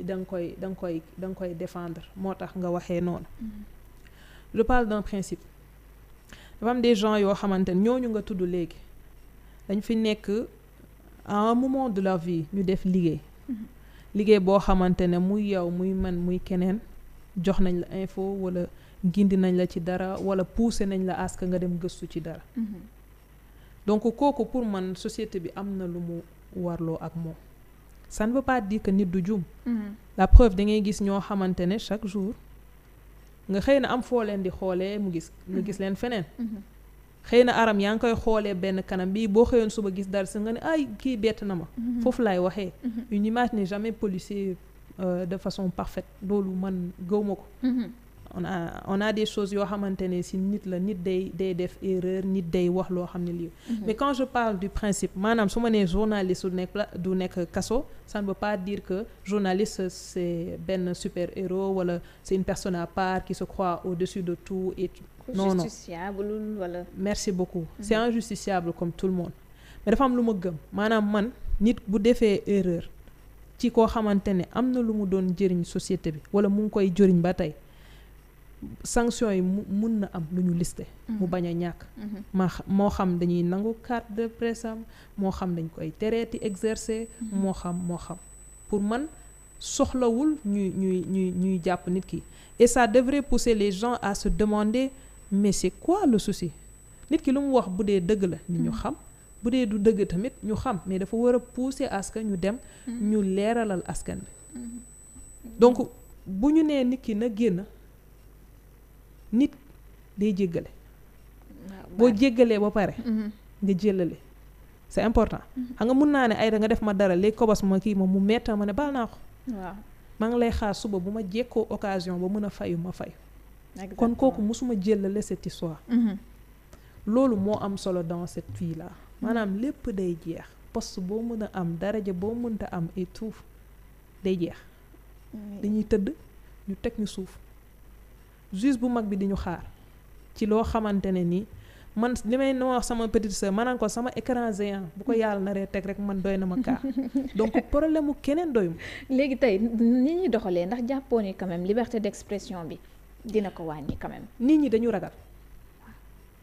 da koy da koy da nga koy défendre moo tax nga waxee noonu mm-hmm. je parle d'un principe dafa am des gens yoo xamante ne ñooñu nga tudd léegi dañ fi nekk à un de la vie ñu def liggéey liggéey boo xamante ne muy yow muy man muy keneen jox nañ la info walla gindi nañ la ci dara wala poussé nañ la aska nga dem gëstu ci dara mm-hmm. donc kooku pour man société bi am na lu mu warloo ak moom san ba veut pas nit du juum mm-hmm. la preuve ngay gis ñoo xamante ne chaque jour nga xëy na am foo leen di xoolee mu gis nga gis mm-hmm. leen feneen xëy na aram yaa ngi koy xoolee benn kanam bii boo xëyoon suba gis dara si nga ne ay kii bett na ma mhm. foofu laay waxee mhm. une image n'est jamais polissée euh, de façon parfet loolu man gëw ma ko mhm. on a on a des choses yoo xamante ne si nit la nit day day def erreur nit day wax loo xam ne lii mhm. mais quand je parle du principe maanaam su ma nee journaliste du nekk du nekk kaso ça ne veut dire que journaliste c'est benn super héros wala c'est une personne à part qui se croit au-dessus de tout et non non voilà. merci beaucoup mm -hmm. c'est comme tout le monde mais dafa lu ma gëm maanaam man nit bu defee erreur ci koo xamante ne am na lu mu doon jëriñ société bi wala mu koy jëriñ ba tey sanction yi mu mun na am lu ñu liste mu mhm. bañ a ñàkk mhm. moo xam dañuy nangu carte de presse moo xam dañ koy tereeti exercer mhm. moo xam moo xam pour man soxlawul ñuy ñuy ñuy ñuy jàpp nit ki et ça devrait pousser les gens à se demander mais c'est quoi le souci nit ki lu mu wax bu dee dëgg la nit ñu xam bu dee du dëgg tamit ñu xam mais dafa war a pousser askan ñu dem ñu leeralal askan bi donc bu ñu nee nit ki na génn nit day jéggale ah, boo jéggalee ba pare mhm. nga jéllale c'est important xam mhm. ah, nga mun naa ne ay da nga def ma dara léegi kobos ma kii ma mu metta ma ne baal naa ko waaw maa ngi lay xaar suba bu ma jekkoo occasion ba mën a fayu ma fayu kon kooku mosuma jéllale cette histoire mhm. loolu moo am solo dans cette vie maanaam lépp day jeex poste boo mën a am dara ja boo mënta am et tout day jeex dañuy tëdd ñu teg ñu suuf juge bu mag bi di xaar ci loo xamante ne nii man li may noo wax sama petite sœur ma naan ko sama écran géant bu ko yàlla na ree teg rek man doy na ma kaa donc problème mu keneen doyum léegi tey ni ñuy doxalee ndax jàppoo ni quand même liberté d'expression bi dina ko wàññi quand nit ñi dañu ragal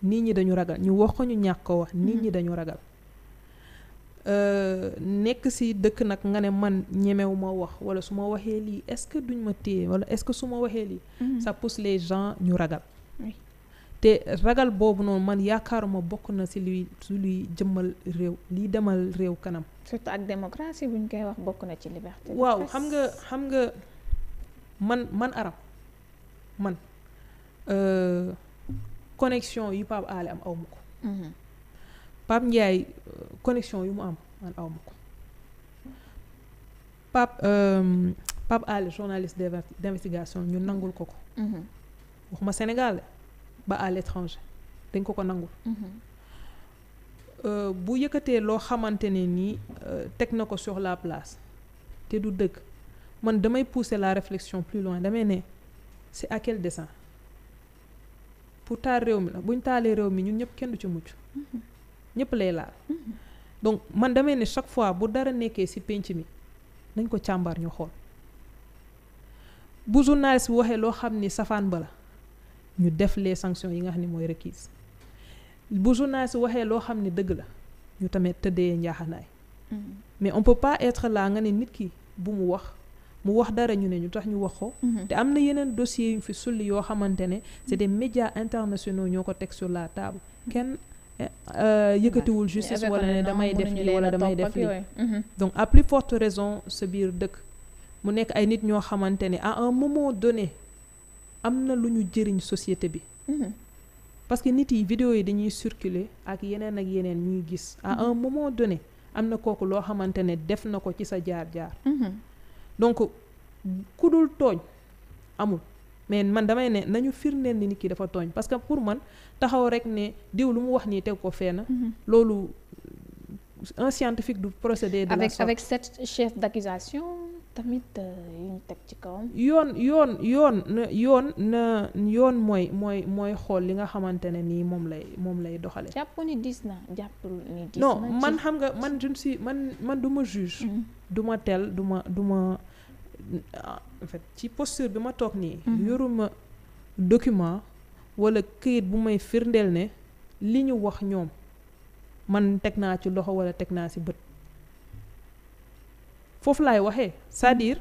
nit ñi dañu ragal ñu wax ko ñu ñàkk ko wax nit ñi mm-hmm. dañu ragal. Euh, nekk si dëkk nag nga ne man ñemewu ma wax wala su ma waxee lii est-ce que duñ ma téye wala est-ce que su ma waxee lii mm-hmm. ça pousse les gens ñu ragal te ragal boobu noonu man yaakaaruma bokk na si luy su luy jëmmal réew liy demal réew kanam surtout ak démocratie buñ koy wax bokk na ci liberté waaw xam nga xam nga man man arab man euh, connexion yu Pape Alé am aw ko mm-hmm. Pape Ndiaye euh, connexion yu mu am man aw ko Pape euh, Pape Alé journaliste d'investigation ñu nangul ko ko mm-hmm. waxuma Sénégal ba à l'étranger dañ ko ko nangul mm-hmm. euh, bu yëkkatee loo xamante ne nii teg na ko sur la place te du dëkk man damay pousser la réflexion plus loin damay ne si à quel dessein pour taal réew mi la bu ñu taalee réew mi ñun ñëpp kenn du ci mucc mm-hmm. ñëpp lay laal mm-hmm. donc man damay ne chaque fois bu dara nekkee ci pénc mi nañ ko càmbar ñu xool bu journaliste bi waxee loo xam ne safaan ba la ñu def les sanctions yi nga xam ne mooy requise bu journaliste waxee loo xam ne dëgg la ñu tamit tëddee njaaxanaay mm-hmm. mais on peut pas être là nga ne nit ki bu mu wax mu wax dara ñu ne ñu tax ñu wax ko mm-hmm. te am na yeneen dossiers yu fi sulli yoo xamante ne c'est des médias internationaux ñoo ko teg sur la table kenn Euh, yëkkatiwul justice wala ne damay def lii wala damay def lii mhm. donc à plus forte raison sa biir dëkk mu nekk ay nit ñoo xamante ne à un moment donné am na lu ñu jëriñ société bi mhm. parce que nit yi vidéo yi dañuy circuler ak yeneen ak yeneen ñuy gis à mhm. un moment donné am na kooku loo xamante ne def na ko ci sa jaar-jaar donc ku dul tooñ amul mais man damay ne nañu firndeel ni nit ki dafa tooñ parce que pour man taxaw rek ne diw lu mu wax nii teg ko fenn. Mhm. loolu un scientifique du procédé. de avec, la sorte avec sept tamit euh, yu teg ci kawam. yoon yoon yoon na yoon na yoon mooy mooy mooy xool li nga xamante ne nii moom lay moom lay doxale jàpp ni diis na jàpp man xam nga man je ne man man du ma juge. Mhm. du ma tel du ma du ma. en ci posture bi ma toog nii. Mhm. yoruma document wala këyit bu may firndeel ne li ñu wax ñoom man teg naa ci loxo wala teg naa ci bët foofu lay waxee cest à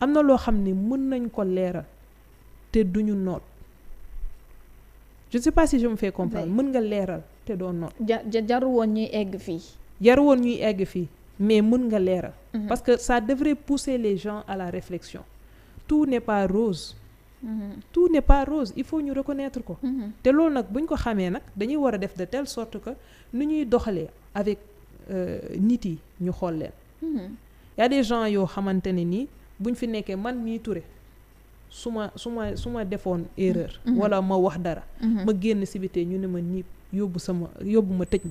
am na loo xam ne mën nañ ko leeral te duñu noot je ne sais pas si mën nga leeral te doo noot. ja jaru woon ñuy egg fii. jaru woon ñuy egg fii mais mën nga leeral. Mhm. parce que ça devrait pousser les gens à la réflexion. tout n'est pas rose. Mm-hmm. tout n'est pas rose il faut ñu reconnaître ko. Mm-hmm. te loolu nag bu ñu ko xamee nag dañuy war def de telle sorte que nu ñuy doxalee avec euh, nit yi ñu xool leen. Mm-hmm. y a des yoo xamante ne nii buñ fi nekkee man mii Touré su ma su ma su ma defoon erreur. wala ma wax dara. ma génn si biti ñu ne ma nii yóbbu sama yóbbu ma tëj ma.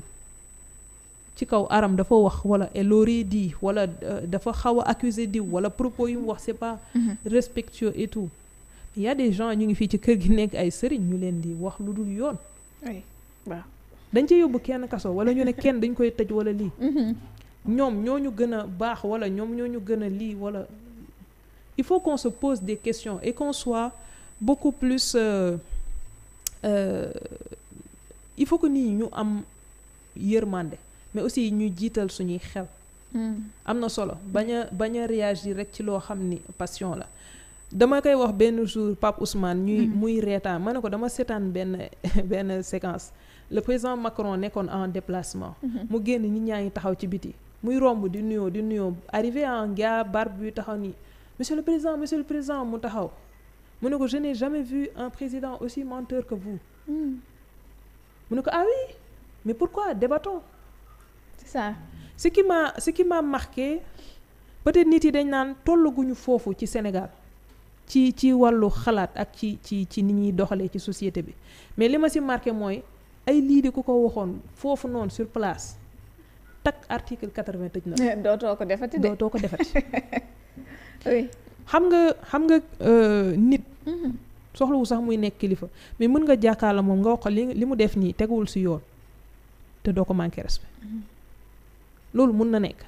ci kaw aram dafa wax wala elle di dit wala euh, dafa xaw a accusé diw wala propos yu mu wax c'est pas mhm. respectueux et tout y des gens ñu ngi fii ci kër gi nekk ay sëriñ ñu leen di wax lu dul yoon waaw dañ ci yóbbu kenn kaso wala ñu ne kenn dañ koy tëj wala lii mhm. ñoom ñoo ñu gën a baax wala ñoom ñoo ñu gën a lii wala il faut qu'on se des questions et qu'on soit plus euh, euh, il faut que nii ñu am yërmande mais aussi ñu jiital suñuy xel. Hmm. am na solo bañ a bañ a réagir rek ci loo xam ni passion la. dama koy wax benn jour Pape Ousmane. ñuy hmm. muy reetaan ma ne ko dama seetaan benn benn séquence. le président Macron nekkoon en déplacement. Hmm. mu génn nit ñaa ngi taxaw ci biti. muy romb di nuyoo di nuyoo arrivé en gars barbe bi taxaw nii monsieur le président monsieur le président mu taxaw. mu ne ko je jamais vu un président aussi menteur que vous. mu ne ko ah oui mais pourquoi débattons. c'est ça ce qui m'a peut-être nit yi dañ naan tollaguñu foofu ci Sénégal ci ci wàllu xalaat ak ci ci ci ni ñuy doxalee ci société bi mais li ma si marqué mooy ay lii di ku ko waxoon foofu noonu sur place takk article 80 tëj na. dootoo ko defati de dootoo ko defati. oui xam nga xam nga euh, nit. Mm-hmm. soxlawu sax muy nekk kilifa mais mën nga jàkkaarloo moom nga wax li li mu def nii teguwul si yoon te doo ko manqué respect. Mm-hmm. loolu mun na nekk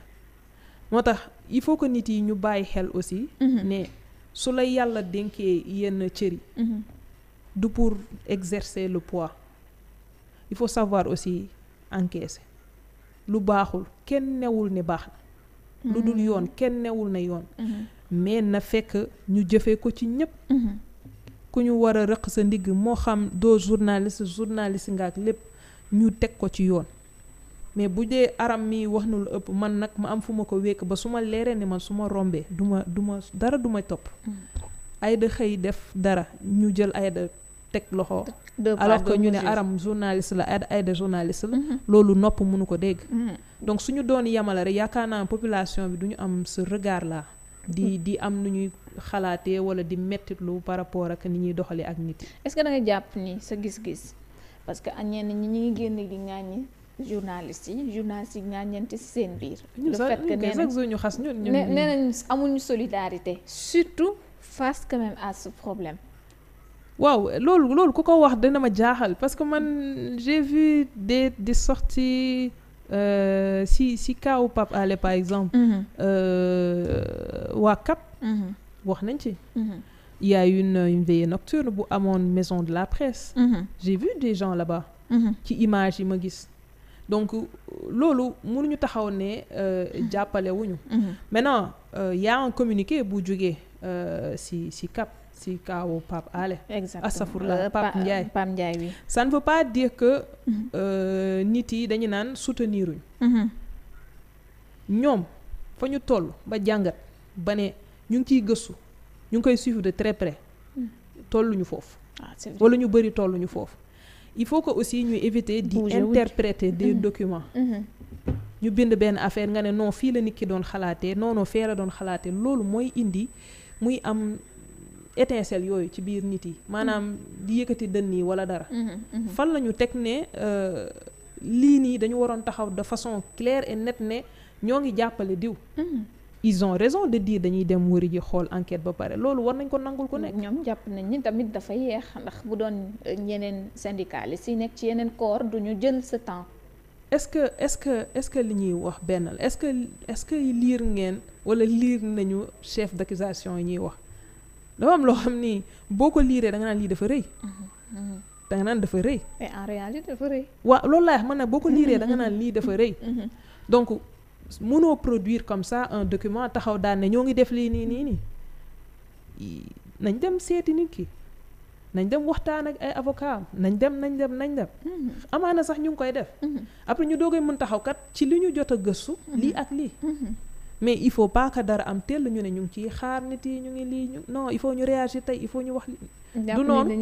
moo tax il faut ko nit yi ñu bàyyi xel aussi mhm. ne su la yàlla dénkee yenn cëri mhm. du pour exercer le pois il faut savoir aussi encaisser lu baaxul kenn newul ne baax na lu dul mhm. yoon kenn newul na yoon mais na fekk ñu jëfe ko ci ñépp ku ñu war a rëq sa ndigg moo xam doo journaliste journaliste nga ak lépp ñu teg ko ci yoon mais bu dee aram mi wax nu lu ëpp man nag ma am fu ma ko wékk ba su ma leeree ne man su ma rombee du ma du ma dara duma topp mm. ayda xëy def dara ñu jël ayda teg loxo alors que ñu ne aram journaliste la ayda journaliste la mm-hmm. loolu nopp mënu ko dégg mm. donc suñu doon yamala rek yaakaar naa population bi du ñu am ce regard la di mm. di am nu ñuy xalaatee wala di mettitlu par rapport ak ni ñuy doxalee ak nit est-ce que da jàpp ni sa gis-gis parce que ñenn ñi ñu ngi génn di ŋàññi journaliste yi journaliste yi ñaññeenti ci seen biir. le fait que nee nañ xas ñun nee nañ amuñu solidarité. surtout face quand même à problème. waaw loolu loolu ku ko wax dana ma jaaxal parce que man j'ai vu des des sorties euh, si si kaaw Pape Alé par exemple. Mm-hmm. Euh, waa kap mm-hmm. wax nañ ci. Mm-hmm. il y a nocturne bu amoon maison de la presse. Mm vu des gens là-bas. ci image yi ma gis. donc euh, loolu ñu taxaw ne euh, mm-hmm. jàppale wuñu mm-hmm. maintenant euh, y a communiqué bu jógee si si CAP si kaawu Pape Ale astafurlah Pape Ndiaye Pape Ndiaye oui ça ne veut pas dire que mm-hmm. nit yi dañu naan soutenir uñ ñoom fa ñu toll ba jàngat ba ne ñu ngi ciy gëstu ñu ngi koy suivre de très près mm. tolluñu foofu ah, wala ñu bëri tolluñu foofu il faut que aussi ñuy éviter di interpréter di mhm. document mhm. ñu bind benn affaire nga ne noo fii la nit ki doon xalaatee non non fee la doon xalaatee loolu mooy indi muy am étincelle yooyu ci biir nit yi maanaam di yëkkati dënn yi wala dara mhm, fan la ñu teg ne euh, lii nii dañu waroon taxaw de façon claire et nette ne ñoo ngi jàppale diw ils ont raison de dire dañuy dem wëri ji xool enquête ba pare loolu war nañ ko nangul ko nekk. ñoom jàpp nañ ni tamit dafa yeex ndax bu doon euh, ñeneen syndicalistes yi nekk ci yeneen corps du ñu jël ce temps. est-ce que est-ce que est-ce que li ñuy wax benn la est-ce que est-ce que liir ngeen walla liir nañu chef d'accusation yi ñuy wax dafa am loo xam ni boo ko liiree da nga naan lii dafa rëy. Mm-hmm. da nga naan dafa rëy. mais en réalité dafa loolu laa wax man boo ko liiree da nga mm-hmm. naan lii dafa rëy. Mm-hmm. donc. mënoo produire comme ça un document taxaw daan ne ñoo ngi def lii nii nii nii nañ dem seeti nit ki nañ dem waxtaan ak ay avocat nañ dem nañ dem nañ dem mm-hmm. amaana sax ñu ngi koy def mm-hmm. après ñu doogee mën taxaw kat ci li ñu jot a gëstu mm-hmm. lii ak lii mais il faut pas que dara am teel ñu ne ñu ci xaar nit yi ñu ngi lii ñu non il faut ñu réagir tey il faut ñu wax. du noonu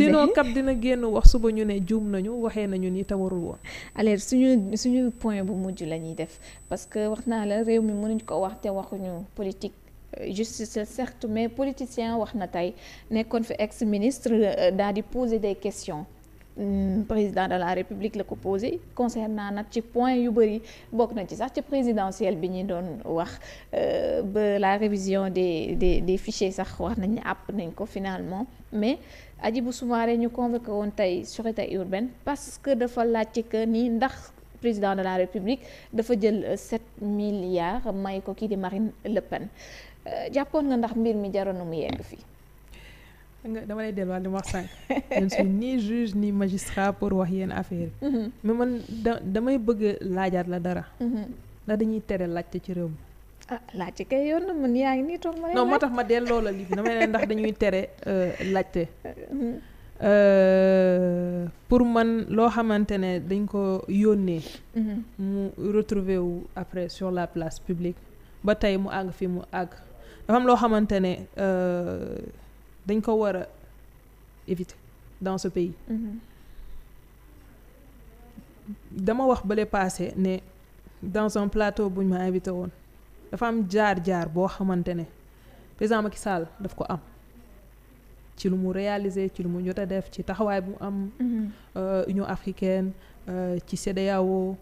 sinon kap dina génn wax suba ñu ne juum nañu waxee nañu nii te warul woon. alors suñu suñu point bu mujj la ñuy def parce que wax naa la réew mi mënuñ ko wax te waxuñu politique. Euh, justice certes mais politicien wax na tey nekkoon fi ex ministre euh, daal di poser des questions. Mm, président de la république la ko posé concernant nag ci point yu bëri bokk na ci sax ci présidentielle bi ñuy doon wax euh, ba la révision des des des fichiers sax wax nañ ne àpp nañ ko finalement mais Hadjibou Soumaré ñu convoqué woon tey sûreté urbaine parce que dafa laajte que ni ndax président de la république dafa jël 7 milliards may ko kii di Marine Le Pen euh, jàppoon nga ndax mbir mi jaroon yegg fii. nga dama lay delluwaat li ma wax sànq je ni juge ni magistrat pour wax yenn affaire yi mhm. man da damay bëgg laajaat la dara mhm. ndax dañuy tere laajte ci réew mi ah laajte kay yoon na yaa ngi nii toog ma tax ma delloo la li bi dama leen dañuy tere euh, laajte mhm. euh, pour man loo xamante ne dañ ko yónnee mu retrouver wu après sur la place publique ba tey mu àgg fi mu àgg dafa am loo xamante ne euh, dañ ko war a éviter dans ce pays mm-hmm. dama wax bale passé ne dans un plateau buñ ma invité woon dafa am jaar-jaar boo xamante ne président Macky Sall daf ko am ci lu mu réaliser ci lu mu jot a def ci taxawaay bu mu am mm-hmm. euh, Union africaine euh, ci CEDEAO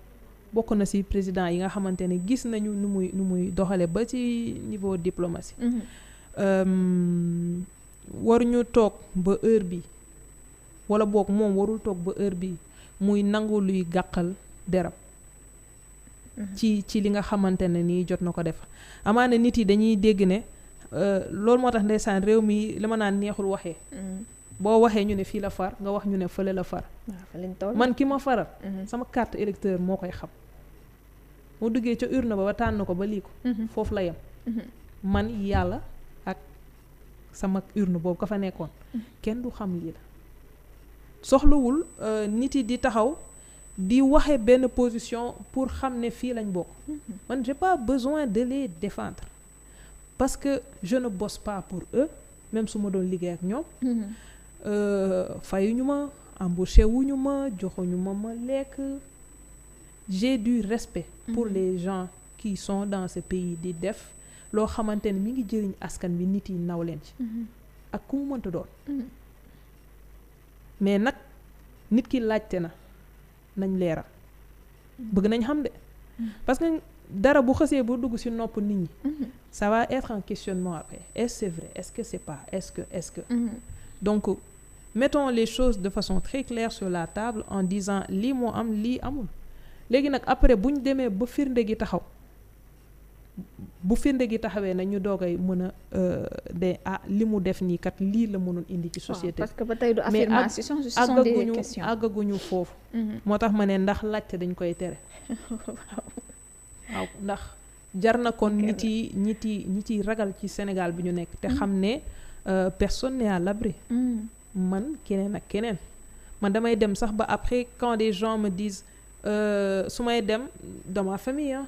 bokk na ci président yi nga xamante ne gis nañu nu muy nu muy doxale ba ci niveau diplomatie mm-hmm. euh, waruñu toog ba heure bi wala boog moom warul toog ba heure bi muy nangu luy gàqal deram mhm. ci ci li nga xamante ne nii jot na ko def amaana nit yi dañuy dégg ne euh, loolu moo tax ndeysaan réew mi li ma naan neexul waxee mhm. boo waxee ñu ne fii la far nga wax ñu ne fële la far man ki ma faral mhm. sama carte électeur moo koy xam mu duggee ca urne ba ba tànn ko ba lii ko foofu la yem man yàlla sama urne boobu ka fa nekkoon mm-hmm. kenn du xam lii la soxlawul euh, nit yi di taxaw di waxe benn position pour xam ne fii lañ bokk mm-hmm. man j'ai pas besoin de les défentre parce que je ne bosse pas pour eux même su ma doon liggéey ak ñoom mm-hmm. euh, fayuñu ma embauché wuñu ma joxuñu ma ma lekk j'ai du respect pour les gens qui sont dans ce pays di def loo xamante ne mi ngi jëriñ askan bi nit yi naw leen ci. Mm-hmm. ak ku mu mënta doon. Mm-hmm. mais nag nit ki laajte na nañ leeral. Mm-hmm. bëgg nañ xam de. parce que dara bu xësee bu dugg ci nopp nit ñi. ça va être un questionnement après est-ce c'est vrai est-ce que pas est-ce que est-ce que. donc mettons les choses de façon très claire sur la table en disant lii moo am lii amul léegi nag après bu ñu demee ba firnde gi taxaw. bu firnde gi taxawee na ñu doogay mën a de euh, ah li mu def nii kat lii la mënul indi ci société parce que ba tey du affirmation ce sont des questions mais àggaguñu foofu mhm. moo tax ma ne ndax laajte dañ koy tere waaw ndax jar na kon ñi ci ci ñi ciy ragal ci Sénégal bi ñu nekk te mhm. xam ne euh, personne n'est à mhm. man keneen ak keneen man damay dem sax ba après quand des gens me disent euh, su may dem dans famille ah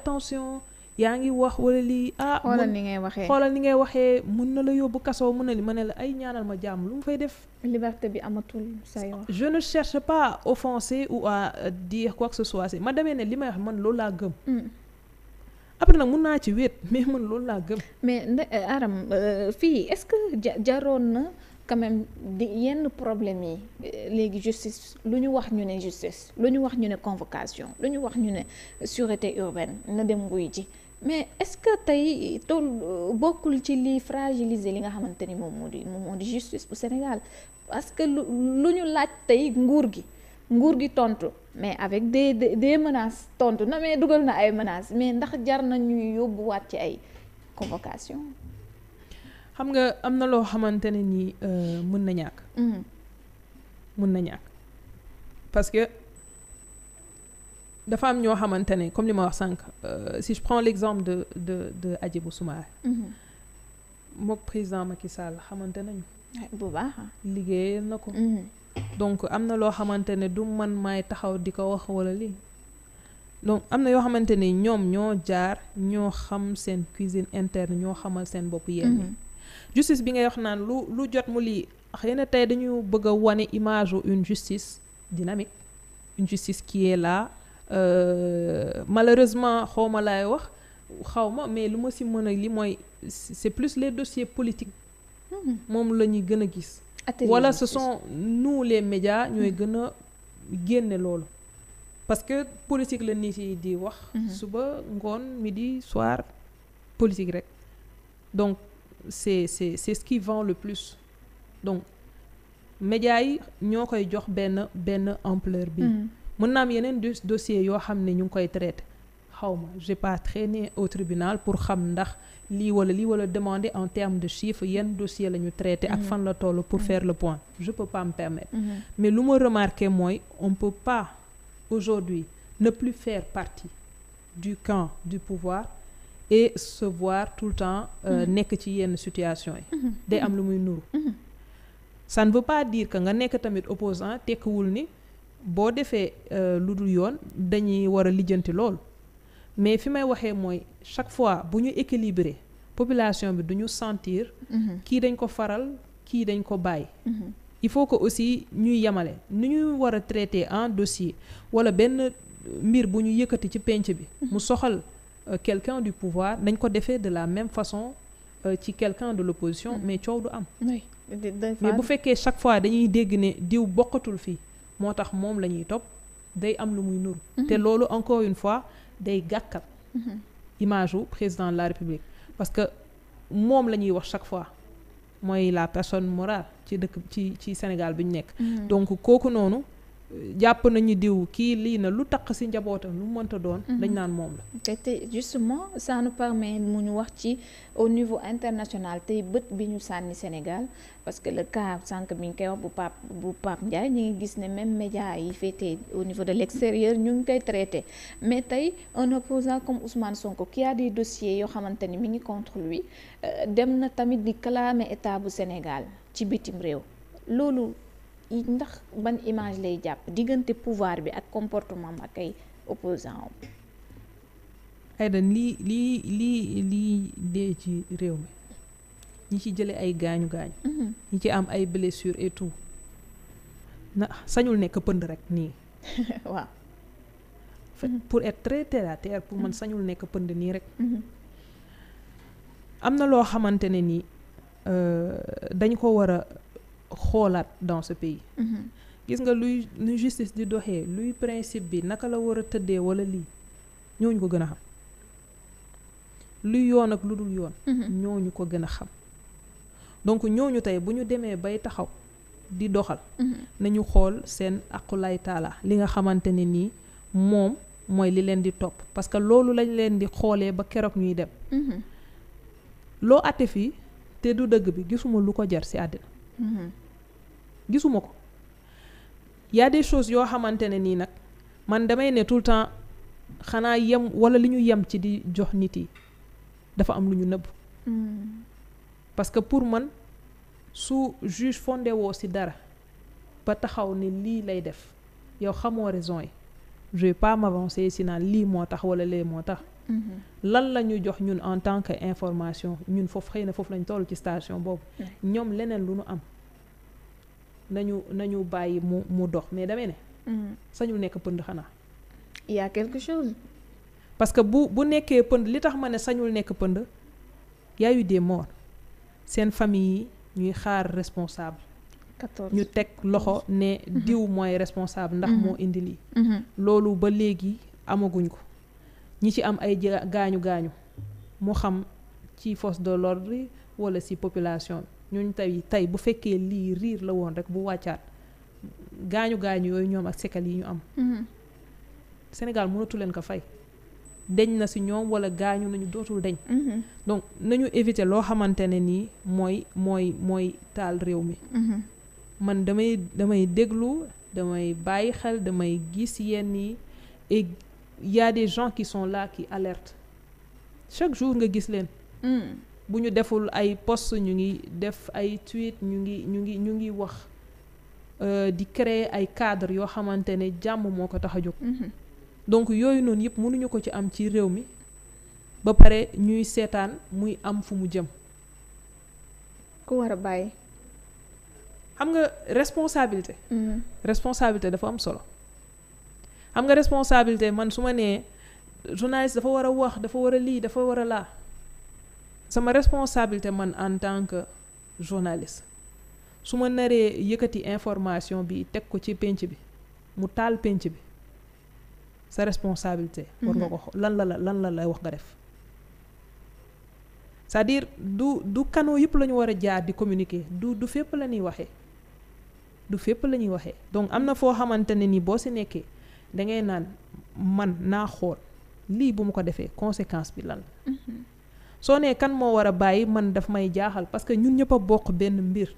attention yaa ngi wax wala lii ah. xoolal ni ngay waxee xoolal ni ngay waxee mun na la yóbbu kasoo mun na li ma ne la ay ñaanal ma jàmm lu mu fay def. liberté bi amatul sa yoon. je cherche pas à offenser ou à euh, di quoi que si ma demee ne li may wax man loolu laa gëm. Mm. après nag mun naa ci wéet mais man loolu laa gëm. mais nda euh, Aram euh, fii est-ce que jaroon na quand di yenn problème yi léegi justice lu ñu wax ñu ne justice lu ñu wax ñu ne convocation lu ñu wax ñu ne sûreté urbaine na dem nguy mais est-ce que tey tool bokkul ci lii fragiliser li nga xamante ni moom moo di moom moo di justice bu Sénégal parce que lu lu ñu laaj tey nguur gi nguur gi tontu mais avec des des menaces tontu na mais dugal na ay menaces mais ndax jar na ñuy yóbbuwaat ci ay convocation xam nga am na loo xamante ne ni euh, mën na ñàkk. Mm-hmm. mën na ñàkk parce dafa am ñoo xamante ne comme li ma wax sànq euh, si je prends l'exemple de de de Hadjibou Soumaré mhm. mook président Macky Sall xamante nañu bu baax liggéeyal na ko mhm. donc am na loo xamante ne du man may taxaw di ko wax wala lii donc am na yoo xamante ne ñoom ñoo jaar ñoo xam seen cuisine interne ñoo xamal seen bopp yenn mhm. justice bi ngay wax naan lu lu jot mu lii yenn tey dañu bëgg a wane image une justice dynamique une justice qui est Euh, malheureusement xawma lay wax xaw ma mais lu ma si mën a li mooy c'est plus les dossier politiques hmm. moom la ñuy gën a gis voilà ce sont nous les médias ñooy hmm. gën a génne loolu parce que politique la nit yi di wax hmm. suba ngoon midi soir politique rek donc c'est c'est c'est ce qui vend le plus donc médias yi ñoo koy jox benn benn ampleur bi mën naa am yeneen dossier yoo xam ne ñu ngi koy traité xaw ma j'ai pas traîné au tribunal pour xam ndax lii wala lii wala demander en terme de chiffres yan dossier la ñu traité ak mm-hmm. fan la toll pour mm-hmm. faire le point je peux pas me permettre mm-hmm. mais lu ma remarqué mooy on peut pas aujourd'hui ne plus fair partie du camp du pouvoir et se tout le temps euh, nekk ci yenn situation yi day am lu muy nuru ça ne pas dire que nga nekk tamit opposant tekkiwul ni boo defee euh, lu dul yoon dañuy war a lijjanti loolu mais fi may waxee mooy chaque fois bu ñu équilibré population bi du ñu sentir. Mm-hmm. kii dañ ko faral kii dañ ko bàyyi. Mm-hmm. il faut que aussi ñuy yemale ni ñuy war a traité un dossier wala benn mbir bu ñu yëkkati ci penc bi. Mm-hmm. mu soxal euh, quelqu'un du pouvoir dañ ko defee de la même façon euh, ci quelqu'un de l'opposition mais coow du am. mais bu fekkee chaque fois dañuy dégg ne diw bokkatul fii. moo tax moom la ñuy topp day am lu muy nur mhm. te loolu encore une fois day gàkkal mhm. image wu président de la république parce que moom la ñuy wax chaque fois mooy la personne morale ci dëkk ci ci Sénégal bi ñu nekk mhm. donc kooku noonu jàpp nañu diw kii lii na lu taq si njabootam lu mu mënta doon. Mhm. dañ naan moom la. te te justement ça nous mu ñu wax ci au niveau international tey bët bi ñu sànni Sénégal parce que le cas sànq bi ñu koy wax bu Pape bu Pape Ndiaye ñu ngi gis ne même média yi féetee au niveau de l' extérieur ñu ngi koy traité mais tey un opposant comme Ousmane Sonko qui a des dossiers yoo xamante ni mi ngi contre lui euh, dem na tamit di clamer état bu Sénégal ci bitim réew loolu. ndax ban image lay jàpp diggante pouvoir bi ak comportement ak ay opposant om Aïda lii lii lii lii dee ci réew mi ñi ci jële ay gaañu gaañu mhm. ñi ci am ay blessure et tout na sañul nekk pënd rek nii waaw mhm. pour être très à terre pour man mhm. sañul nekk pënd nii rek am na loo xamante ne nii euh, dañ ko war a xoolaat dans ce pays. Mm-hmm. gis nga luy nu justice di doxee luy principe bi naka la war a tëddee wala lii ñooñu ko gën a xam luy yoon ak lu dul yoon. Mm-hmm. ñoo ñu ko gën a xam donc ñooñu tey bu ñu demee bay taxaw di doxal. Mm-hmm. nañu xool seen aqulay taala li nga xamante ne nii moom mooy li leen di topp parce que loolu lañ leen di xoolee ba keroog ñuy dem. loo àtte fii te du dëgg bi gisuma lu ko jar ci àddina. gisuma ko y a des choses yoo xamante ne nii nag man damay ne tout le temps xanaa yem walla li ñu yem ci di jox nit yi dafa am lu ñu nëbb mm. parce que pour man su juge fonde woo ci dara ba taxaw ne lii lay def yow xamoo raison yi je vais pas m'avancer si naan lii moo tax walla lee moo tax mm-hmm. lan la ñu jox ñun en tant que information ñun foof xëy na foofu lañ toll ci station boobu ñoom leneen lu ñu am nañu nañu bàyyi mu mu dox mais damay ne. Mm-hmm. sañul nekk pënd xanaa. il quelque chose. parce que bu bu nekkee pënd li tax ma ne sañul nekk pënd y a eu seen famille yi ñuy xaar responsable. ñu teg loxo ne mm-hmm. diw mooy responsable ndax moo mm-hmm. indi lii. loolu ba léegi amaguñ ko ñi ci am ay gaañu gaañu mu xam ci force de l'ordre wala ci population ñooñu tey tey bu fekkee lii riir la woon rek bu wàccaat gaañu gaañu yooyu ñoom ak sekal yi ñu am. Mm-hmm. Sénégal mënatu leen ko fay. deñ na si ñoom wala gaañu nañu dootul deñ. Mm-hmm. donc nañu éviter loo xamante ne nii mooy mooy mooy taal réew mi. Mm-hmm. man damay damay déglu damay bàyyi xel damay gis yenn yi et y a des gens qui sont là qui alertent chaque jour nga gis leen. Mm. bu ñu deful ay post ñu ngi def ay tweet ñu ngi ñu ngi ñu ngi wax euh, di créer ay cadre yoo xamante ne jàmm moo ko tax a jóg mhm. donc yooyu noonu yëpp mënuñu ko ci am ci réew mi ba pare ñuy seetaan muy am fu mu jëm ku war a bàyyi xam nga responsabilité mhm. responsabilité dafa am solo xam nga responsabilité man su ma nee journaliste dafa war a wax dafa war a lii dafa war a laa sama responsabilité man en tant que journaliste su ma naree yëkkati information bi teg ko ci pénc bi mu taal pénc bi sa responsabilité war nga ko mhm. lan la la lan la lay wax nga def cest à du du canaux yëpp la ñu war a jaar di communiquer du du fépp la ñuy waxee du fépp la ñuy waxee donc am na foo xamante ne ni boo si nekkee da ngay naan man naa xool lii bu ma ko defee conséquence bi lan la mhm. soo nee kan moo war a bàyyi man daf may jaaxal parce que ñun ñëpp a bokk benn mbir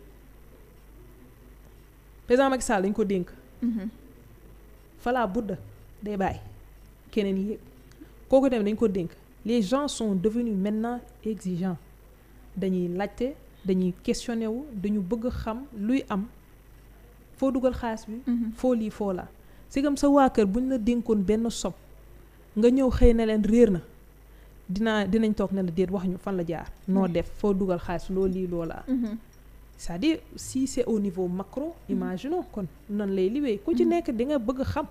président Macky Sall dañ ko dénk. Mhm. fala budda day bàyyi keneen yéeg kooku dem dañ ko dénk les gens sont devenus maintenant exigeants dañuy laajte dañuy questionné wu dañu bëgg xam luy am foo dugal xaalis bi. Mhm. foo lii foo la si comme sa waa kër buñ la dénkoon benn sob nga ñëw xëy na leen réer na. dinaa dinañ toog ne la déet wax ñu fan la jaar noo mm-hmm. def foo dugal xaalis loo lii loola mm-hmm. cest à si c'est au niveau macro mm-hmm. imaginons kon nan lay liggéey ku ci nekk di nga bëgg xam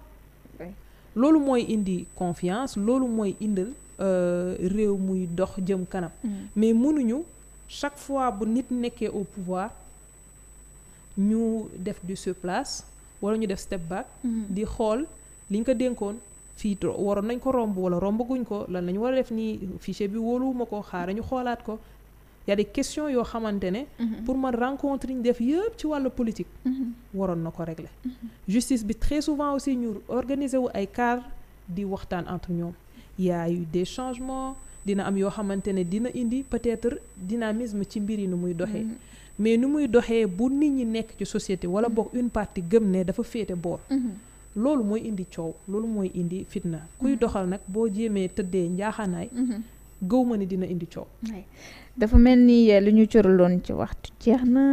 loolu mooy indi confiance loolu mooy indal euh, réew muy dox jëm kanam mais mënuñu chaque fois bu nit nekkee au pouvoir ñu def du surplace wala ñu def step back di xool liñ ko dénkoon fii waroon nañ ko romb wala rombaguñ ko lan nañu war a def nii fichier bi wóoluwuma ko xaar ñu xoolaat ko y a des questions yoo xamante ne mhm. pour man rencontre ñu def yëpp ci wàllu politique mhm. waroon na ko régler mhm. justice bi très souvent aussi ñu organiser wu ay car di waxtaan entre ñoom y a eu des changements dina am yoo xamante ne dina indi peut-être dynamisme ci mbir yi nu muy doxee mais nu muy doxee bu nit ñi nekk ci société wala boog une partie gëm ne dafa féete boor loolu mooy indi coow loolu mooy indi fitna kuy mhm. doxal nag boo jéemee tëddee njaaxanaay mhm. gëw ni dina indi coow dafa mel ni euh, li ñu cëraloon ci waxtu jeex na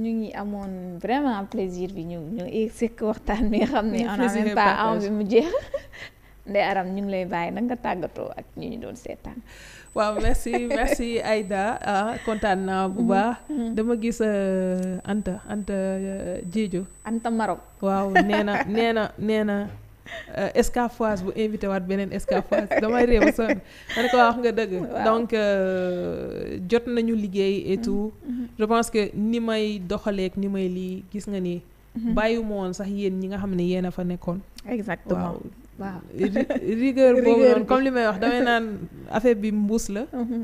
ñu ngi amoon vraiment plaisir bi ñu ñu sekk waxtaan bi nga xam ne on a même pas mu jeex nde aram ñu ngi lay bàyyi nag nga tàggatoo ak ñu ñu doon seetaan waaw merci merci Aïda ah kontaan naa bu mhm. baax. Mhm. dama gis euh, Anta Anta euh, Diédhiou. Anta Marok. waaw nee na nee na nee na euh, escafoise bu invité waat beneen escafoise damay réew sonn man ko wax nga dëgg. donc jot nañu liggéey et mhm. tout. je pense que ni may doxaleek ni may lii gis nga ni. bàyyiwuma woon sax yéen ñi nga xam ne yéen a fa nekkoon. exactement waaw waaw rigueur boobu noonu comme li may wax damay naan affaire bi mbuus la mhm.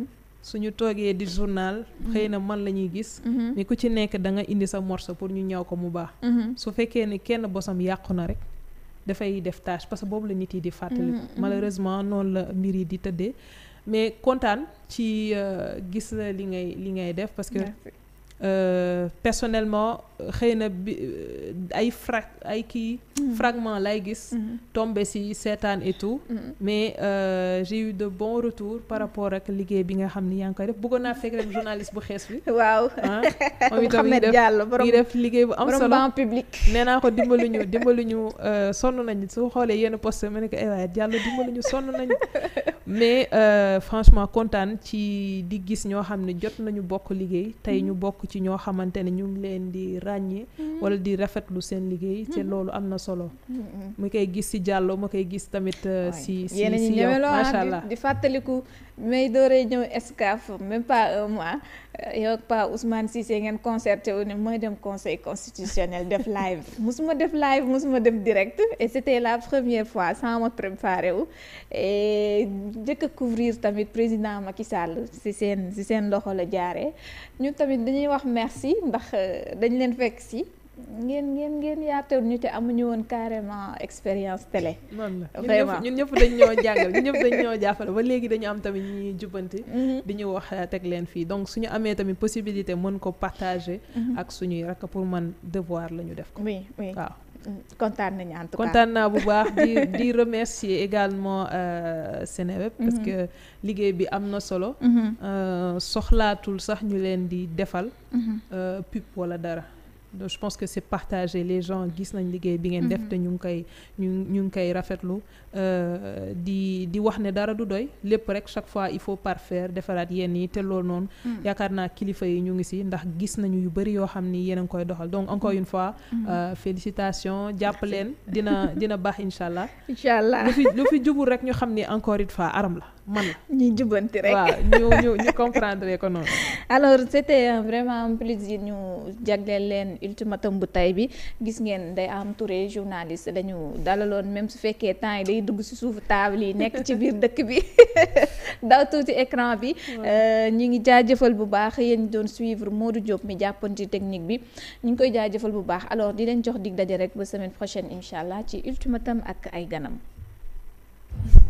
su ñu toogee di journal mhm. xëy na man la ñuy gis mhm. mais ku ci nekk da nga indi sa morceau pour ñu ñaw ko mu baax su fekkee ne kenn bosam yàqu na rek dafay def tâche parce que boobu la nit yi di fàttali malheureusement noonu la mbir yi di tëddee mais kontaan ci euh, gis li ngay li ngay def parce que Euh, personnellement xëy na bi euh, ay fra ay kii mhm. fragment lay gis mhm. tombé si seetaan et mhm. mais euh, j'ai eu de bon retours par rapport ak liggéey bi nga xam ni yaa ngi koy def bëggoon naa fekk rek bu xees bi waaw ah. moom itam ñu def liggéey bu am solo public nee naa ko dimbalu ñu dimbalu ñu sonn nañu su xoolee yenn poste ma ne ko ay eh, waaye Diallo dimbalu ñu sonn nañu mais franchement kontaan ci di gis ñoo xam ne jot nañu bokk liggéey tey ñu bokk bokk ci ñoo xamante ne ñu ngi leen di ràññee hmm. wala di rafetlu seen liggéey ci hmm. loolu am na solo hmm. mu koy gis si Diallo ma koy gis tamit euh, si si si yow ah, macha allah di fàttaliku may dooree ñëw Excaf même pas un mois euh, yow ak Pa Ousmane Cissé ngeen concerté wu ne mooy dem conseil constitutionnel def live mosuma def live mosuma dem direct et c'était la première fois sans ma préparé wu et njëkk a couvrir tamit président Macky Sall si seen si seen loxo la jaare ñu tamit dañuy wax merci ndax euh, dañu leen fekk si. ngeen ngeen ngeen yaatoon ñu te amuñu woon carrément expérience télé. vraiment ñun ñëpp dañ ñoo jàngal ñun ñëpp dañ ñoo jàppale ba léegi dañu am tamit ñuy jubbante mhm. di ñu wax euh, teg leen fii donc suñu amee tamit possibilité mën ko partager. Mhm. ak suñuy rakk pour man devoir la ñu def ko. oui oui waaw. Mm, kontaan nañu en tout cas kontaan naa bu baax di di remercier également euh, Seneweb mhm. parce que liggéey bi am na solo. Euh, soxlaatul sax ñu leen di defal. pub wala dara. je pense que c'est partagé les gens gis nañ liggéey bi ngeen def mhm. te ñu ngi koy ñu ngi koy rafetlu euh, di di wax ne dara du doy lépp rek chaque fois il faut parfaire defaraat yenn yi te loolu noonu mm. yaakaar naa kilifa yi ñu ngi si ndax gis nañu yu bëri yoo xam ni yéen a ngi koy doxal donc encore mm. une fois mm-hmm. euh, félicitations jàpp leen dina dina baax incha allah incha allah lu fi lu fi jubul rek ñu xam ni encore une fois aram la man la ñuy jubanti rek ñu ñu ñu comprendre ko noonu ultimatum bu tay bi gis ngeen day am Touré journaliste la dalaloon même su fekkee temps yi day dugg si suufu table yi nekk ci biir dëkk bi daw tuuti écran bi. Euh, ñu ngi jaajëfal bu baax yéen doon suivre du Diop mi jàppanti technique bi ñu ngi koy jëfal bu baax alors di leen jox dig daje rek ba semaine prochaine incha allah ci ultimatum ak ay ganam.